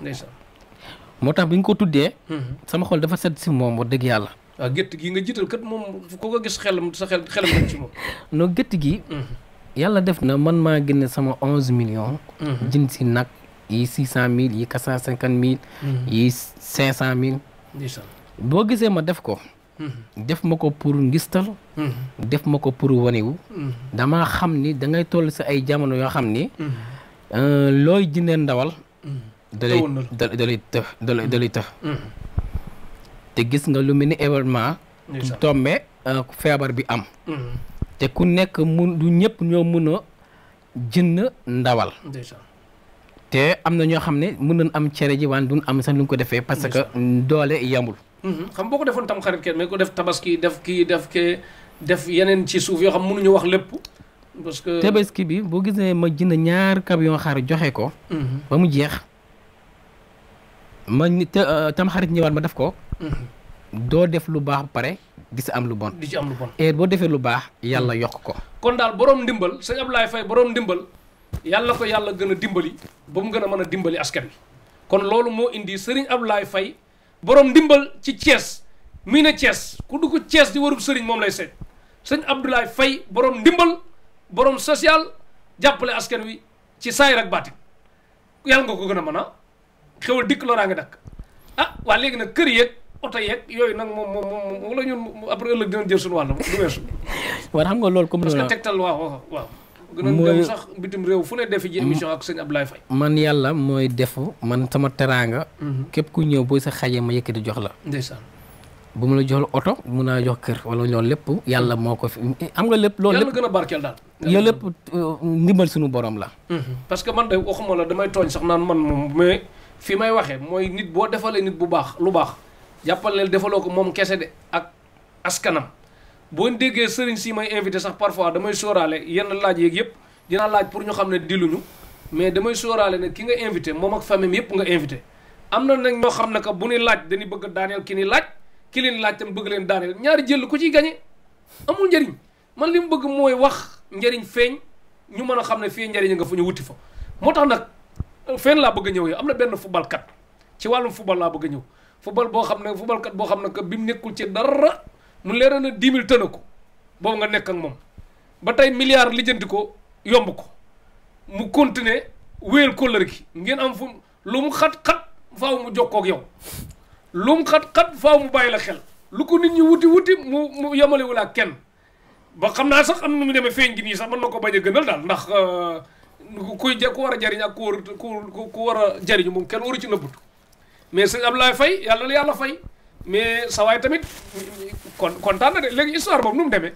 moo tax bi nga ko tuddee mm-hmm. sama xool dafa sedd si moom wax dëgg yàlla waaw ah, gétt gi nga jiital kat moom ku ko gis xelam sa xel xelam ci moom [LAUGHS] non gétt gi mm-hmm. yàlla def na man maa génne sama onze million mhm. jën si nag yi six cent mille yi quatre cent cinquante mille. Mhm. yi cinq boo gisee ma def ko. Mhm. def ma ko pour ngistal. def ma ko pour wanewu damaa xam ni da ngay toll si ay jamono yoo xam ni. Euh, looy jëndee ndawal. dalay dalay tëx te gis nga lu mel ni événement. tombé euh, feebar bi am. te ku nekk mun du ñëpp ñoo mun a jënd ndawal. te am na ñoo xam ne mun nañ am cere ji waan duñ am sax ni ñu ko defee. parce que doole yamul mhm. xam boo ko defoon tam xarit kenn mais ko def tabaski def kii def def yeneen ci suuf yoo xam mënuñu wax lépp. parce que tabaski bi boo gis ne ma jënd ñaar camion xar joxe ko. Mhm. ba mu jeex ma tam xarit ñëwaat ma def ko. Mhm. doo def lu baax pare. di si am lu bon di ci am lu bon boo defee lu baax yàlla hmm. yokk ko kon daal borom ndimbal sëñ Abdoulaye Faye borom ndimbal yàlla ko yàlla gën a dimbali ba mu gën a mën a dimbali askan wi kon loolu moo indi sëriñ Abdoulaye Faye borom ndimbal ci Thiès mii ne Thiès ku dugg cees Thiès di warub sëriñ moom lay seet sëñ Abdoulaye fay borom ndimbal boroom social jàppale askan wi ci saayir ak baatin yàlla nga ko gën a mën a xewal dikk loraa nga dakk ah waa léegi nag kër yéet oto yeeg yooyu nag moom moom moom la ñun après ëllëg dinañ jël suñu nga loolu comme parce que tegtal waaw waaw a sax bitim réew fu ne defi ji émission ak sëñ Abdoulaye Faye. man yàlla mooy defu man sama teraanga. Mhm. képp ku ñëw booy sa xajee ma yëkkati jox la. ndeysaan. bu ma la jox oto mun naa jox kër wala loolu lépp yàlla moo ko am nga lépp. loolu lépp gën a barkeel daal. loolu lépp euh, ndimbal suñu borom la. Mhm. parce que man de moom mais fi may waxee mooy nit boo defalee nit bu baax lu baax jàppaleel ne defaloo ko moom kese de ak askanam boo déggee sëriñ si may invité sax parfois damay sóoraale yenn laaj yeeg yëpp dinaa laaj pour ñu xam ne diluñu mais damay sóoraale ne ki nga invité moom ak famille yëpp nga invité. am na nag ñoo xam ne que bu ni laaj dañuy bëgg daaneel ki ni laaj ki leen laaj tam bëgg leen daaneel ñaari jël ku ciy gañe amul njëriñ man li mu bëgg mooy wax njëriñ feeñ ñu mën a xam ne fii njëriñ nga fu ñu wuti fa. moo tax nag fenn laa bëgg ñëw yow am na benn football ci wàllum football laa bëgg a ñëw. football boo xam ne football kat boo xam ne que bi mu nekkul ci dara mu leeral na dix mille tëna ko boobu nga nekk ak moom ba tey milliard lijjanti ko yomb ko mu continuer wéyal kóllër gi ngeen am fu lu mu xat-xat faaw mu jokkoo ak yow lu mu xat-xat mu bàyyi la xel lu ko nit ñi wuti wuti mu mu yemalewul kenn ba xam naa sax am nu mu demee feeñ gi nii sax mën na ko bañ a gënal daal ndax euh, kuy ku war a jariñ ak ku war ku war a jariñu moom kenn waru ci nëbbutu mais sëñ laay fay yàlla la yàlla fay mais sa waay tamit kon kontaan na de léegi histoire boobu nu mu demee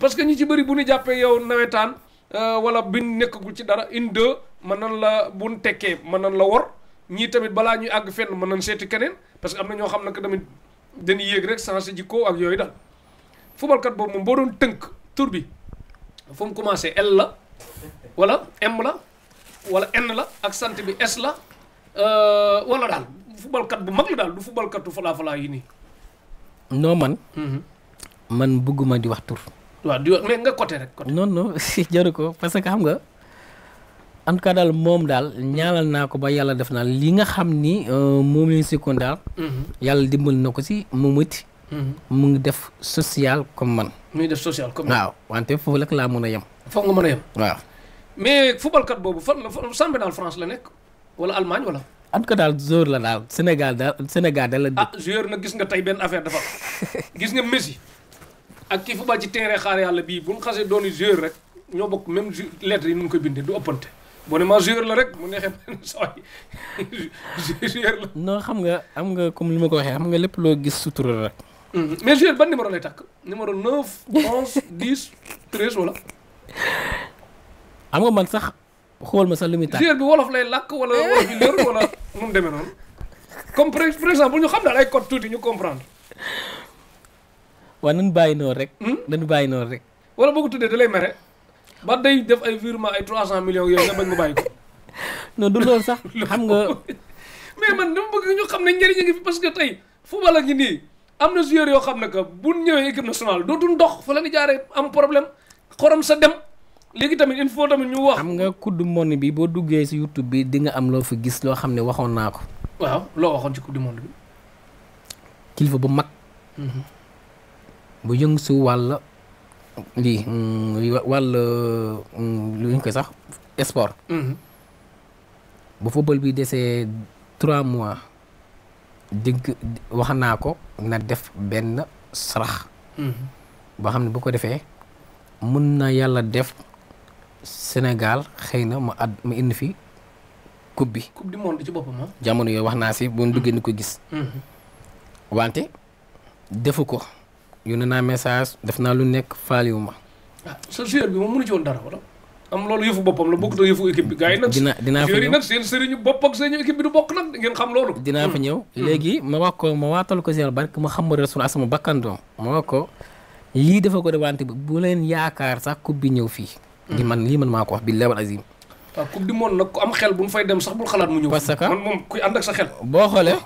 parce que ñi ci bëri bu ñu jàppee yow nawetaan euh, wala bin nekkagul ci dara une deux mën nan la buñ tekkee mën nan la wor ñii tamit balaa ñuy àgg fenn mën nan seeti keneen parce que am na ñoo xam na que tamit dañuy yéeg rek changé jikko ak yooyu daal fubalkat boobu moom boo doon tënk tur bi fu mu commencé L la walla M la wala N la ak sant bi S la euh, wala daal footballkat bu mag la daal du footballkatu falaa falaa yi nii. non man. Mhm. man bëgguma di wax tur. waaw di wax mais nga côté rek. côté non [LAUGHS] parce que xam nga en tout moom daal ñaanal naa ko ba yàlla def naa li nga xam ni euh, moom lañ sikkoon daal. Mhm. yàlla na ko si moom mhm. mu ngi def social comme man. mu ngi def social comme man a yem. foofu a la France la nekk wala Allemagne wala. en tout cas daal joueur la daal Sénégal daal Sénégal daal la. ah joueur nag gis nga tey benn affaire dafa [LAUGHS] gis nga Messi ak kii football ci terrain xaar yàlla bii bu ñu xasee doon joueur rek ñoo bokk même ju lettre yi koy bindee du ëppante boo joueur la rek mu neexee benn [LAUGHS] sooy xam nga am nga comme li ma ko waxee xam lépp loo gis sutura la mm-hmm. numéro lay takk numéro 9 11 10 13 wala. xam nga man sax. xool ma sax li muy taal réer bi lay lakk wala [LAUGHS] wolof bi leer wala nu mu demee noonu comme par exemple ñu xam daal ay code tuuti ñu comprendre. waaw nañu bàyyi noonu rek. Hmm? nañu bàyyi noonu rek. wala boo tuddee da lay mere ba day def ay virement ay 300 millions yooyu nga bañ nga bàyyi ko. [LAUGHS] non du loolu sax [LAUGHS] xam nga. mais man dama bëgg ñu xam ne njëriñ a ngi fi parce que tey football a ngi am na joueurs yoo xam ne que bu ñëwee équipe nationale dootuñ dox fa la ñu jaaree am problème xorom sa dem. léegi tamit il faut tamit ñu wax. xam nga coupe du monde bi boo duggee si youtube bi di nga am loo fi gis loo xam ne waxoon naa ko. waaw loo waxoon ci coupe du bi. kilifa bu mag. Mhm. bu yëngu si wàll lii lu ñu koy sax sport. Mhm. bu football bi desee trois mois digg wax naa ko na def benn sarax. Mhm. boo xam ne bu ko defee mën na yàlla def Sénégal xëy na mu at mu indi fi coupe bi. coupe du monde ah? jamono yooyu wax naa si bu ñu ni ko gis. Mm-hmm. wante defu ko yónnee naa message def naa lu nekk faaliwu ma. Ah, bi moom mënu ci la bokkut ak yëfu dina fa ñëw mm-hmm. léegi ma wax ko ma waatal ko seen barke ma xam ma rasul asama bakkandoom ma wax ko lii dafa ko de wante bu leen yaakaar sax coupe ñëw fii. man lii man maa ko wax billahi wal azim waaw coupe du monde nag ku am xel bu ñu fay dem sax bul xalaat mu ñëw. parce que man moom boo xoolee.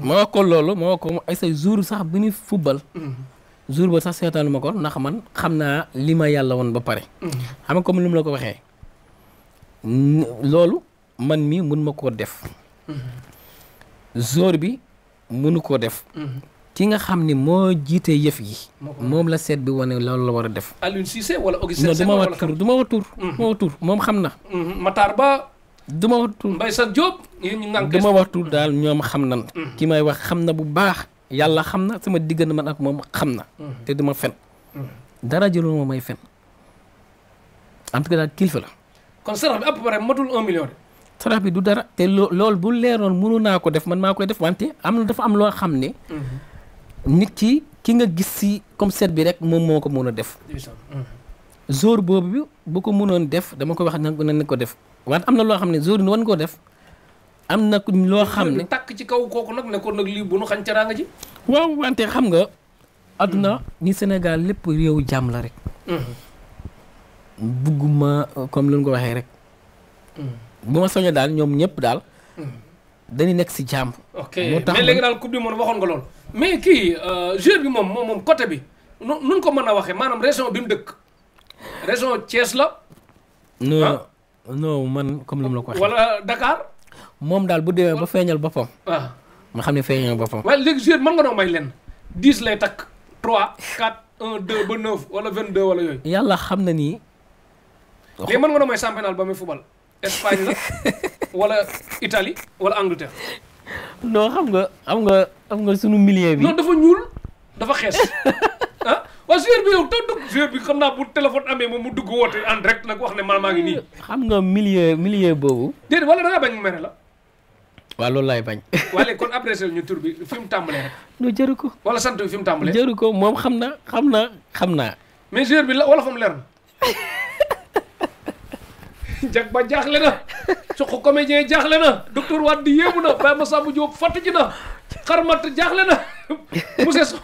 moo ko loolu moo ko ay sax bi ñu football. Mm-hmm. jour ba sax seetaanu ma ko ndax man xam naa li ma yàlla woon ba pare. Mm-hmm. xam comme ni mu la ko waxee. loolu man mii mun ma koo def. Mm-hmm. jour bi munu koo def. ki nga xam ni moo jiite yëf yi. moom la seet bi wane loolu la war a def. Aliou Cissé wala mm-hmm. moom xam na. Mm-hmm. Matar Ba. du daal ñoom xam na mm-hmm. ki may wax xam na bu baax. yàlla xam na sama diggante man ak moom xam na. te du ma fen. dara jëlul ma may fen. en tout cas daal kilifa la. kon sarax bi à peu matul un bi du dara. te loo bu leeroon mënu naa ko def man maa koy def wante am na dafa am loo xam ne. nit ki ki nga gis si comme seet bi rek moom moo ko mën a def. jour boobu bu ko mënoon def dama ko wax nañ ko def waaye am na loo xam ne jour bi wan koo def am na loo xam ne. takk ci kaw kooku nag nekkoon nag lii bu nu xañ teraanga ji. waaw wante xam nga. àdduna mm-hmm. ni Sénégal lépp réew jàmm la rek. Mm-hmm. bugguma comme lu ko waxee rek. Mm-hmm. bu ma soño daal ñoom ñëpp daal. dañu nekk si jàmm. moo tax mais léegi daal coupe du monde waxoon nga lool. mais kii euh, joueur bi moom moom moom côté bi nu nu ko mën a waxee maanaam région bi mu dëkk région Thiès la. non ah? non man comme lu mu la ko waxee. wala moom daal bu dee ba feeñal boppam. waaw ah. ma xam ne feeñal boppam. waaye léegi joueur mën nga doon may lenn dix lay takk trois quatre un ba neuf wala vingt deux wala yooyu. yàlla xam na ni. léegi mën nga may championnat ba muy football Espagne la [LAUGHS] wala itali wala Angleterre. non xam nga xam nga xam nga sunu milieu bi. non dafa ñuul dafa xees [LAUGHS] ah waa joueur bi yow taw dugg bi xam naa bu téléphone amee moom mu dugg woote en direct nag wax ne man maa ngi nii. xam nga milieu milieu boobu. déedéet wala da ngaa bañ mu mere la. waaw loolu laay bañ. [LAUGHS] wala kon apprécié ñu tur bi fi mu tàmbalee rek. non jëru ko. wala sant bi fi mu tàmbalee. jëru ko moom xam na xam na xam naa. mais joueur bi la wala fa mu leer na. [LAUGHS] jag ba jaaxle na suqu comédien jaaxle na docteur Wade di yéemu na Baye Massamba Diop fàtt ji na xarmat jaaxle na monsieur so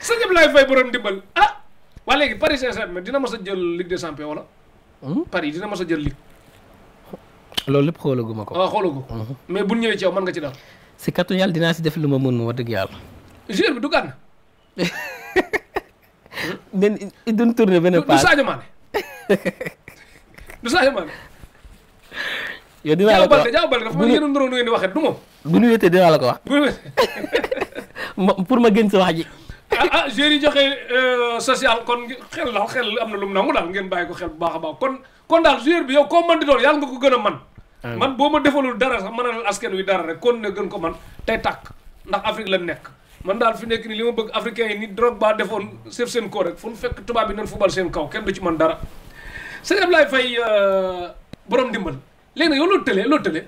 sëñ Ablaye Faye borom dimbal ah waa léegi Paris Saint-Germain dina mas a jël lig des Champions wala mm. Paris dina mas jël Ligue loolu lépp xoolagu ma ko waaw ah, xoolagu mm-hmm. mais buñ ñëwee ci yow mën nga ci daal si kattu yàlla dinaa def lu ma mën wax dëgg yàlla joueur bi du gànn den [LAUGHS] duñ tourné benn pas du [LAUGHS] du Sadio Mané. yow dinaa la ko wax Diao Baldé Diao Baldé dafa yéen a nuroo waxee du moom. bu ñu wéetee dinaa la ko wax. [LAUGHS] pour ma gën si wax ji. ah ah joueurs yi joxe euh, social kon xel la xel am na lu mu nangu daal ngeen bàyyi ko xel bu baax a baax kon kon daal joueur bi yow koo mën di doon yàlla nga ko gën a man ah. man boo ma defalul dara sax mënal askan wi dara rek kon ne gën ko man tey tàkk ndax Afrique la nekk man daal fi nekk nii li ma bëgg africain yi ni drogue baa defoon sëf seen koo rek fu mu fekk tubaab yi doon fubal seen kaw kenn du ci man dara sëñ Ablaye Faye euh, borom ndimbal léegi nag yow loo tëlee loo tëlee.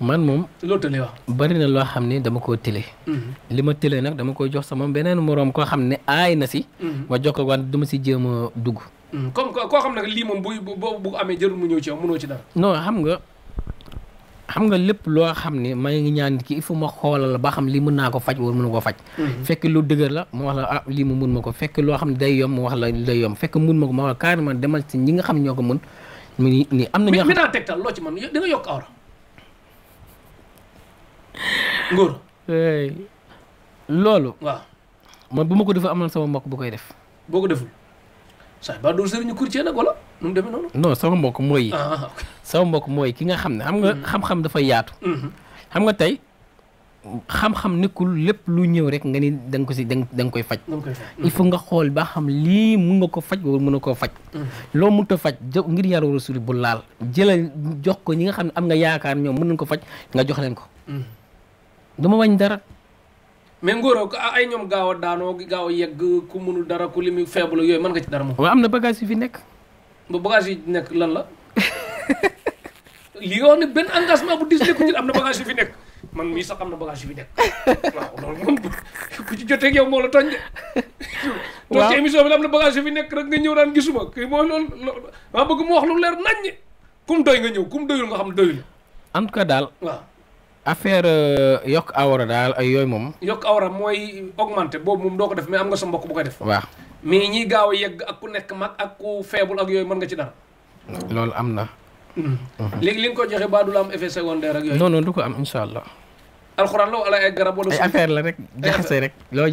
man moom. loo tëlee waaw. bari na loo xam ne dama koo tëlee. Mhm. li ma tëlee nag dama koy jox sama beneen moroom koo xam ne aay na si. Mhm. ma jox ko wante dama si jéem a dugg. Mhm. comme koo xam ne lii moom bu bu bu amee jërul mu ñëw ci yow mënoo ci dara. non xam nga. xam nga lépp loo xam ne maa ngi ñaan ki il faut ma xoolal ba xam lii mën naa ko faj wala mënu ko faj mhm. fekk lu dëgër la ma wax la ah lii mu mun ma ko fekk loo xam ne day yomb ma wax la day yomb fekk mun ma ko ma wax carrément demal ci ñi nga xam ñoo ko mën mu ni am na ñoo xam mi naa tegtal loo ci mën da nga [SIGHS] loolu man bu ma ko defee amoon sama mbokk bu koy def boo ko deful sax ba doo sëriñu courtier nag wala nu mu demee sama mbokk mooy. Ah, sama mbokk mooy ki nga xam ne xam nga mm-hmm. xam dafa yaatu. Mm-hmm. xam nga tey xam-xam nekkul lépp lu ñëw rek nga ni da ko si da nga koy faj. il faut nga xool ba xam lii mun nga ko faj wala mun na koo faj. Mm-hmm. loo mënut a faj ngir yar wala suri bu laal jëlal jox ko ñi nga xam ne am nga yaakaar ñoom mën nañ ko faj nga jox leen ko. du ma wàññi dara. mais ngóoroo ay ñoom gaaw a daanoo gaaw a yegg ku mënul dara ku limu faible yooyu mën nga ci dara moom. waaw am na bagage yu fi nekk. ba bagage yi nekk lan la li yoo ne benn engagement bu dis nekku ñu am na bagage nekk man mii sax am na bagage yu fi nekk waaw loolu moom ku ci jotee ak yow moo la tooñ de toog ci émission bi am na bagage yu fi nekk rek nga ñëw daan gisuma kii mooy loolu maa bëgg mu wax lu leer naññi kum doy nga ñëw kum doyul nga xam doyul en tout cas daal waaw affaire euh, yokk awra daal ay yooyu moom yokk awra mooy augmenté boobu moom doo ko def mais am nga sa mbokk bu koy def waaw mais ñiy gaaw a yegg ak ku nekk mag ak ku feebul ak yooyu man nga ci dara. loolu am na. Mm. Mm-hmm. léegi li nga ko joxe ba du la am effet secondaire ak yooyu. non du ko am incha allah. alxuraan la wala ay garab wala. ay la rek jaxase rek yoo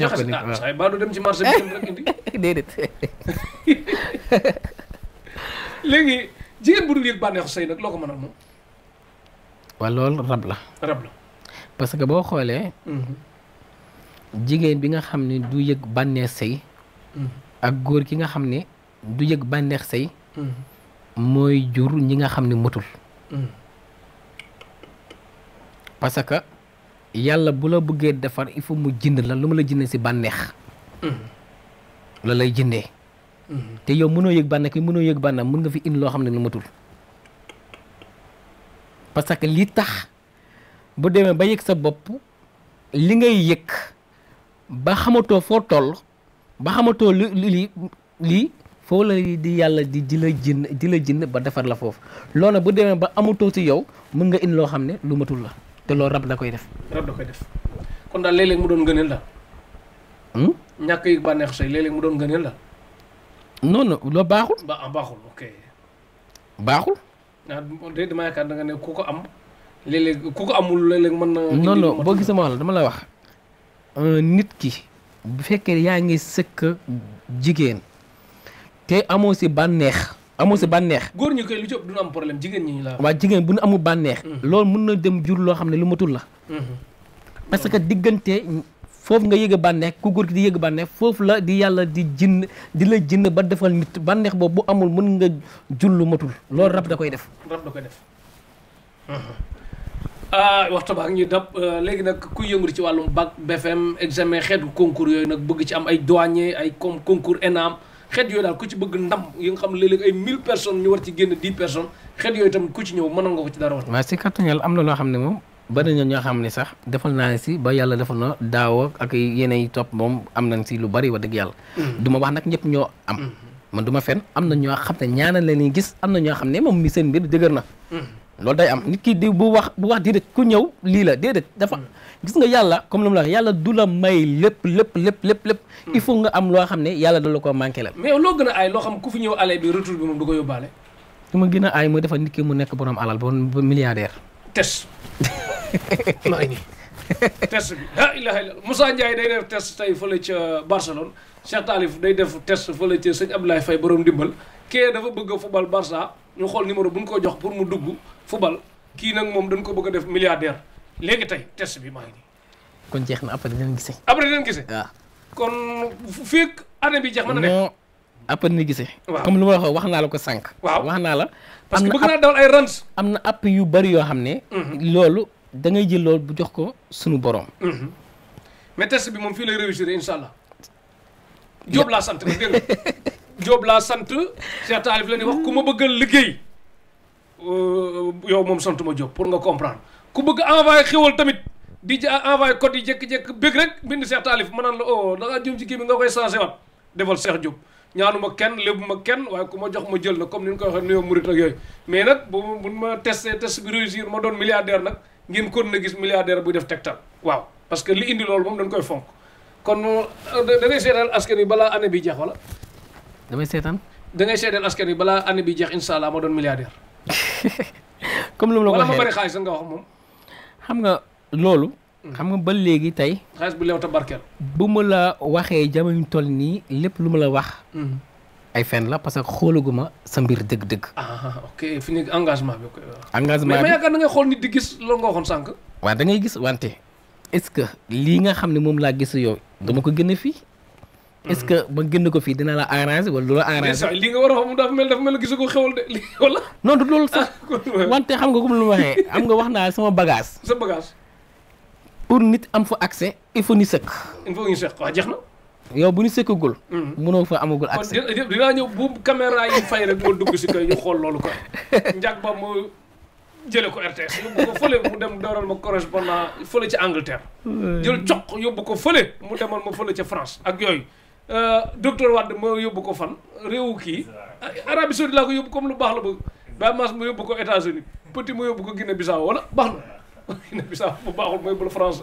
jox ko. jaxase ah ba du dem ci marché bi dem rek indi. [LAUGHS] déedéet. [LAUGHS] léegi jigéen bu loo ko mën a moom. loolu rab la. rab la parce que boo xoolee. Mm-hmm. jigéen bi nga xam ne du yëg bànneex sëy ak góor ki nga xam ne du yëg bànneex sëy mooy jur ñi nga xam ne matul parce que yàlla bu la bëggee defar il faut mu jënd la lu ma la jëndee si bànneex la lay jëndee te yow mënoo yëg bànneex bi mënoo yëg bànneex mën nga fi indi loo xam ne lu matul parce que li tax bu demee ba yëg sa bopp li ngay yëg ba xamatoo foo toll ba xamatoo lu lii lii foo la di yàlla di di la jinn di la jinn ba defar la foofu loolu nag bu demee ba amutoo ci yow mën nga indi loo xam ne lu matul la te loolu rab da koy def. rab da kon daal léeg mu doon ngëneel la. Hmm? ñàkk yi bànneex say léeg mu doon ngëneel la. non loo baaxul. ba ah, baaxul ok. baaxul. ah de damaa da nga ne ku am léeg-léeg amul léeg mën na. boo gisee la dama la wax euh, nit ki. bu fekkee yaa ngi sëkk jigéen te amoo si bànneex amoo si bànneex. góor ñi koy am problème jigéen ñi la. waaw jigéen bu ñu amul bànneex. Mm-hmm. loolu mun na dem jur loo xam ne lu matul la. Mm-hmm. parce que diggante foofu nga yëg bànneex ku góor gi di yëg bànneex foofu la di yàlla di jinn di la jinn ba defal nit bànneex boobu bu amul mun nga jur lu matul loolu rab da koy def. rab da koy def. Mm-hmm. ah waxtu baa ngi ñuy dab ah, léegi nag kuy yëngu ci wàllum bac BFM examen xeetu concours yooyu nag bëgg ci am ay douanier ay comme concours ENAM xeet yooyu daal ku ci bëgg ndam yi nga xam léeg-léeg ay 1000 personnes ñu yooyu tamit ku ci ñëw mënoon nga ko ci dara wax. waaw si kattan yàlla am na loo xam ne moom bari xam ne sax defal naa si ba yàlla defal na daaw ak yeneen topp moom am nañ si lu bari wax dëgg yàlla. Mm. du ma wax nag ñëpp ñoo am. Mm. man du fen am na ñoo xam ne ñaanal la ñuy gis am na ñoo xam ne moom mi seen mbir dëgër na mm. loolu day am nit ki di bu wax bu wax déedéet ku ñëw lii la déedéet dafa mm. gis nga yàlla comme lu mu la yàlla du la may lépp lépp lépp lépp lépp mm. il faut nga am loo xam ne yàlla da la ko manqué la mais loo gën a loo xam ku fi ñëw ale bi retour bi moom ko yóbbaale li ma gën a aay mooy dafa nit ki mu nekk borom alal ba milliardaire tes [LAUGHS] maa ngi day def test tey fële ca Barcelone Cheikh Talif day def test fële ca sëñ Abdoulaye Faye borom ndimbal kee dafa bëgg a fubal ñu xool numéro bu ñu ko jox pour mu dugg fubal kii nag moom dañ ko bëgg a def milliardaire léegi tey test bi maa ngi nii. kon jeex na après dinañ gisee. après dinañ gisee. waaw kon fii année bi jeex mën na nekk. non après dinañ gisee. lu ma wax naa la ko sànq. waaw wax naa la. parce que bëgg naa dawal ay rans. am na app yu bari yoo xam ne. Mhm. loolu dangay ngay jël loolu bu jox ko sunu borom. Mhm. mais test bi moom fii lay réussir incha allah. Diop laa sant nag dégg nga [LAUGHS] Diop laa sant Cheikh Taalif la wax ku ma bëggal liggéey euh, yow moom sant ma Diop pour nga comprendre ku bëgg envoyé xéwal tamit di envoyé code yi jékki-jékki bëgg rek bind Cheikh Taalif ma naan la oh da ngaa jëm ci kii bi nga koy changé waat defal Cheikh Diop ñaanuma kenn lébuma kenn waaye ku ma jox ma jël na comme ni ñu koy waxee nuyoo murit ak yooyu mais nag bu bu ma testé test bi réussir ma doon milliardaire nag ngeen kon na gis milliardaire buy def tegtal waaw parce que li indi loolu dañ koy fonk kon euh, da ngay seetal askan wi balaa année bi jeex damay seetaan. da ngay seetaan askan wi balaa année bi jeex incha allah ma doon milliardaire. [LAUGHS] comme lu ma la ko xaalis nga wax moom. xam nga loolu. Hmm. xam nga ba léegi tey. xaalis bu lew te barkeel. bu ma la waxee jamono toll nii lépp lu ma la wax. Hmm. ay fen la parce que xoolaguma sa mbir dëgg-dëgg. ah, ah, ah fi engagement bi. engagement bi mais ma yaakaar na ngay xool nit di gis loolu nga waxoon sànq. waa da ngay gis wante est-ce que lii nga xam ne moom laa gis yow dama ko génne fii. est-ce que ba génn ko fii dina la arranger wala du la arranger. li nga war a wax mu dafa mel dafa mel gisu de li wala. non loolu sax ah, wante xam nga comme lu ma waxee xam nga wax naa sama bagage. sa bagage. pour nit am fa accès il faut ñu sëkk. il faut ñu sëkk waaw jeex na. yow bu ñu sëkkagul. Mhm. mënoo fa amagul accès kon dinaa ñëw bu caméra yi fay rek moo dugg si kër ñu xool loolu ko [LAUGHS] njàkk ba moo jëlee ko RTS mu dem dooral ma correspondant fële ca Angleterre. jël coq yóbbu ko fële mu demal ma fële ca France ak yooyu. Euh, docteur Wade ma yóbbu ko fan réew kii Arabie Saoudite laa ko yóbbu comme lu baax la bëgg Baye Mass ma yóbbu ko États-Unis Petit ma yóbbu ko Guinée Bissau wala baax na [LAUGHS] Bissau bu baaxul ma yóbbu la France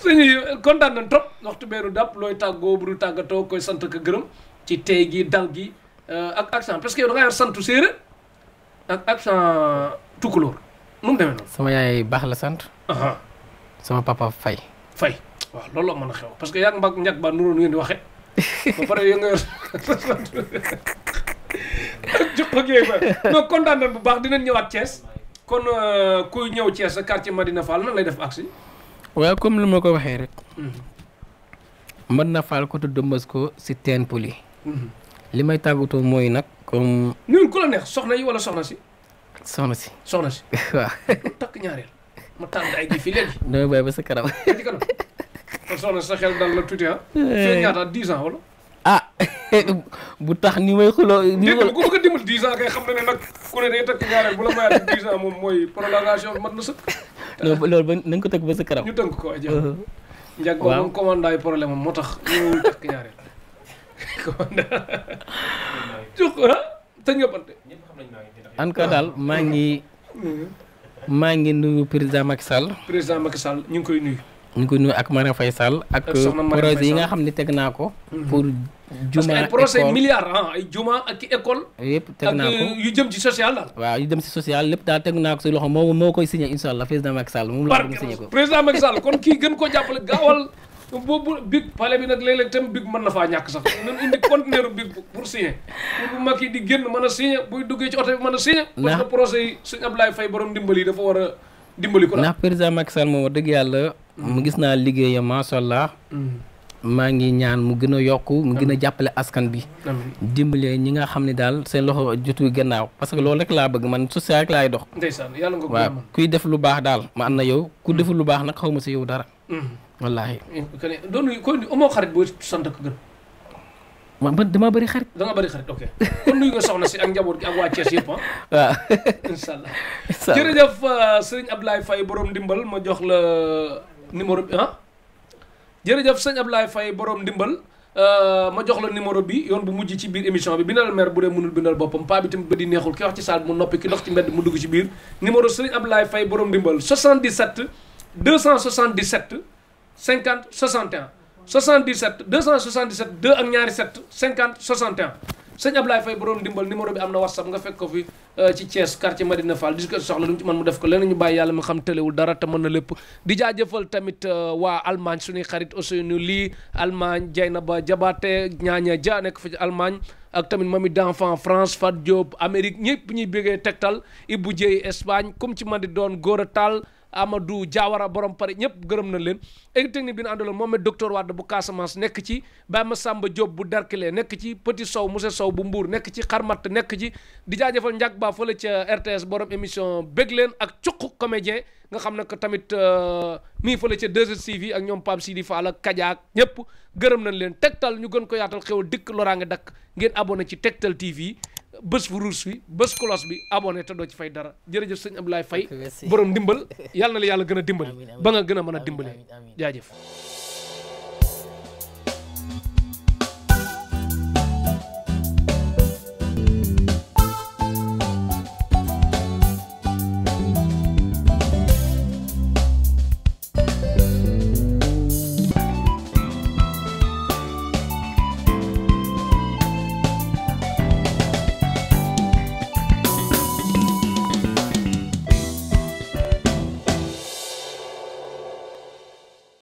suñuy kontaan nañ trop waxtu beeru dàpp looy tàggoo bu du tàggatoo koy sant ka gërëm ci tey gi dal gi euh, ak accent parce que da santu séeréer ak accent mu demee noonu. sama yaay baax la sant. sama papa Faye. Faye waaw loolu la mën a xew parce que yaa mbag njag ba nuroon ngeen di waxee. ba pare yow nga yor bu baax dinañ ñëwaat Thiès kon euh, kuy ñëw Thiès quartier Madina Fall lay def aksi waaw comme lu ma ko waxee rek. Mhm. na faal ko tudd Mbasko si teen poli. Mhm. may tàggatoo mooy nag comme. ñun soxna yi wala soxna si. soxna si soxna si. [LAUGHS] waaw takk ñaareel ma tànn ay ji fii léegi. damay bàyyi ba sa kanam. kon soxna sa xel dal na tuuti ah. Eh. fii ñaata dix ans ah [LAUGHS] bu tax ni may xuloo. ni ma ku bëgg a dimbali kay xam na ne nag ku ne day takk ñaareel bu la mayaat dix ans moom mooy prolongation mat na sëkk. loolu loolu nañ ko tënk sa kanam. ñu tënk ko aja. Uh-huh. waaw njëkk ba moom problème am moo tax mu takk ñaareel. [LAUGHS] commandant nga [LAUGHS] ah. bante. en tout cas daal maa ngi mm-hmm. maa ngi nuyu président Macky Sall. président Macky Sall ñu ngi koy nuyu. ñu ngi koy nuyu ak Marème Faye Sall ak projet yi nga xam ne teg naa ko mhm. pour juma ay projet milliards ah ay juma ak école yëpp teg naa ko euh, yu jëm ci social daal waaw yu jëm ci social lépp daal teg naa ko si loxo moo moo koy signé incha allah président Macky Sall moom laa bëgg signé ko président Macky Sall kon kii gën koo jàppale gaawal boobu big palais bi nag léeg-léeg tam big mën na faa ñàkk sax nan indi conteneur big pour signer pour bu mag yi di génn mën a signer buy duggee ci oto bi mën a signer parce que projet yi suñu Ablaye Faye borom ndimbali dafa war a dimbali ko ndax président Macky Sall moom dëgg yàlla mu gis naa liggéeyam macha allah. Mm-hmm. maa ngi ñaan mu gën a yokk mu gën a jàppale askan bi dimbalee ñi nga xam ne daal seen loxo jotu gannaaw parce que loolu rek laa bëgg man social rek laay dox ndeysaan yàlla nga kuy def lu baax daal ma ànd na yow ku mm-hmm. deful lu baax nag xaw ma si yow dara mm-hmm. wallaahi eh, doonu ko amoo xarit boo sant ko gën ma man damaa bëri xarit da nga bëri xarit ok kon nuyu nga soxna si ak njaboot gi ak waa Thiès yëpp ah [LAUGHS] euh, ma jox la numéro bi ah jërëjëf sëñ Ablaye Faye borom ndimbal euh, ma jox la numéro bi yoon bu mujj ci biir émission bi bindal maire bu dee mënul bindal boppam paa bi tamit ba di neexul ki wax ci saal mu noppi ki dox ci mbedd mu dugg ci biir numéro sëñ Ablaye Faye borom ndimbal 77 277 50 61 77 277 2 ak ñaari 7 50 61 sëñ Ablaye Faye borom ndimbal numéro bi am na whatsapp nga fekk ko fi euh, ci Thiès quartier ma Fall di ko soxla lu mu def ko leneen ñu bàyyi yàlla mi xam tëlewul dara te mën na lépp di jaajëfal tamit euh, waa Allemagne suñuy xarit Ousseynou lii Allemagne Dieynaba Diabaté ñaaña ja nekk fa ci Allemagne ak tamit mami d'enfant France Fat Diop Amérique ñëpp ñuy bégee Tektal Ibou Dieye Espagne comme ci man di doon góor a taal Amadou jaawara borom pare ñëpp gërëm na leen équipe technique bi ñu àndaloon moom it docteur Wade bu Casamance nekk ci Baye Massamba Diop bu Derklé nekk ci Petit Sow Moussa Sow bu Mbour nekk ci Xarmat nekk ci di jaajëfal njàk ba fële ca RTS borom émission bég leen ak cuq comédien nga xam ne que tamit euh, mii fële ca 2STV ak ñoom Pape Sidi Fall ak Kaja ak ñëpp gërëm nañ leen tegtal ñu gën ko yaatal xewal dikk loraange dakk ngeen abonné ci Tektal TV bés fu ruus bi bés kolos bi abonné te doo ci fay dara jërëjëf sëñ Abdoulaye fay borom ndimbal yàlla na la yàlla gën a dimbali ba nga gën a mën a dimbali jaajëf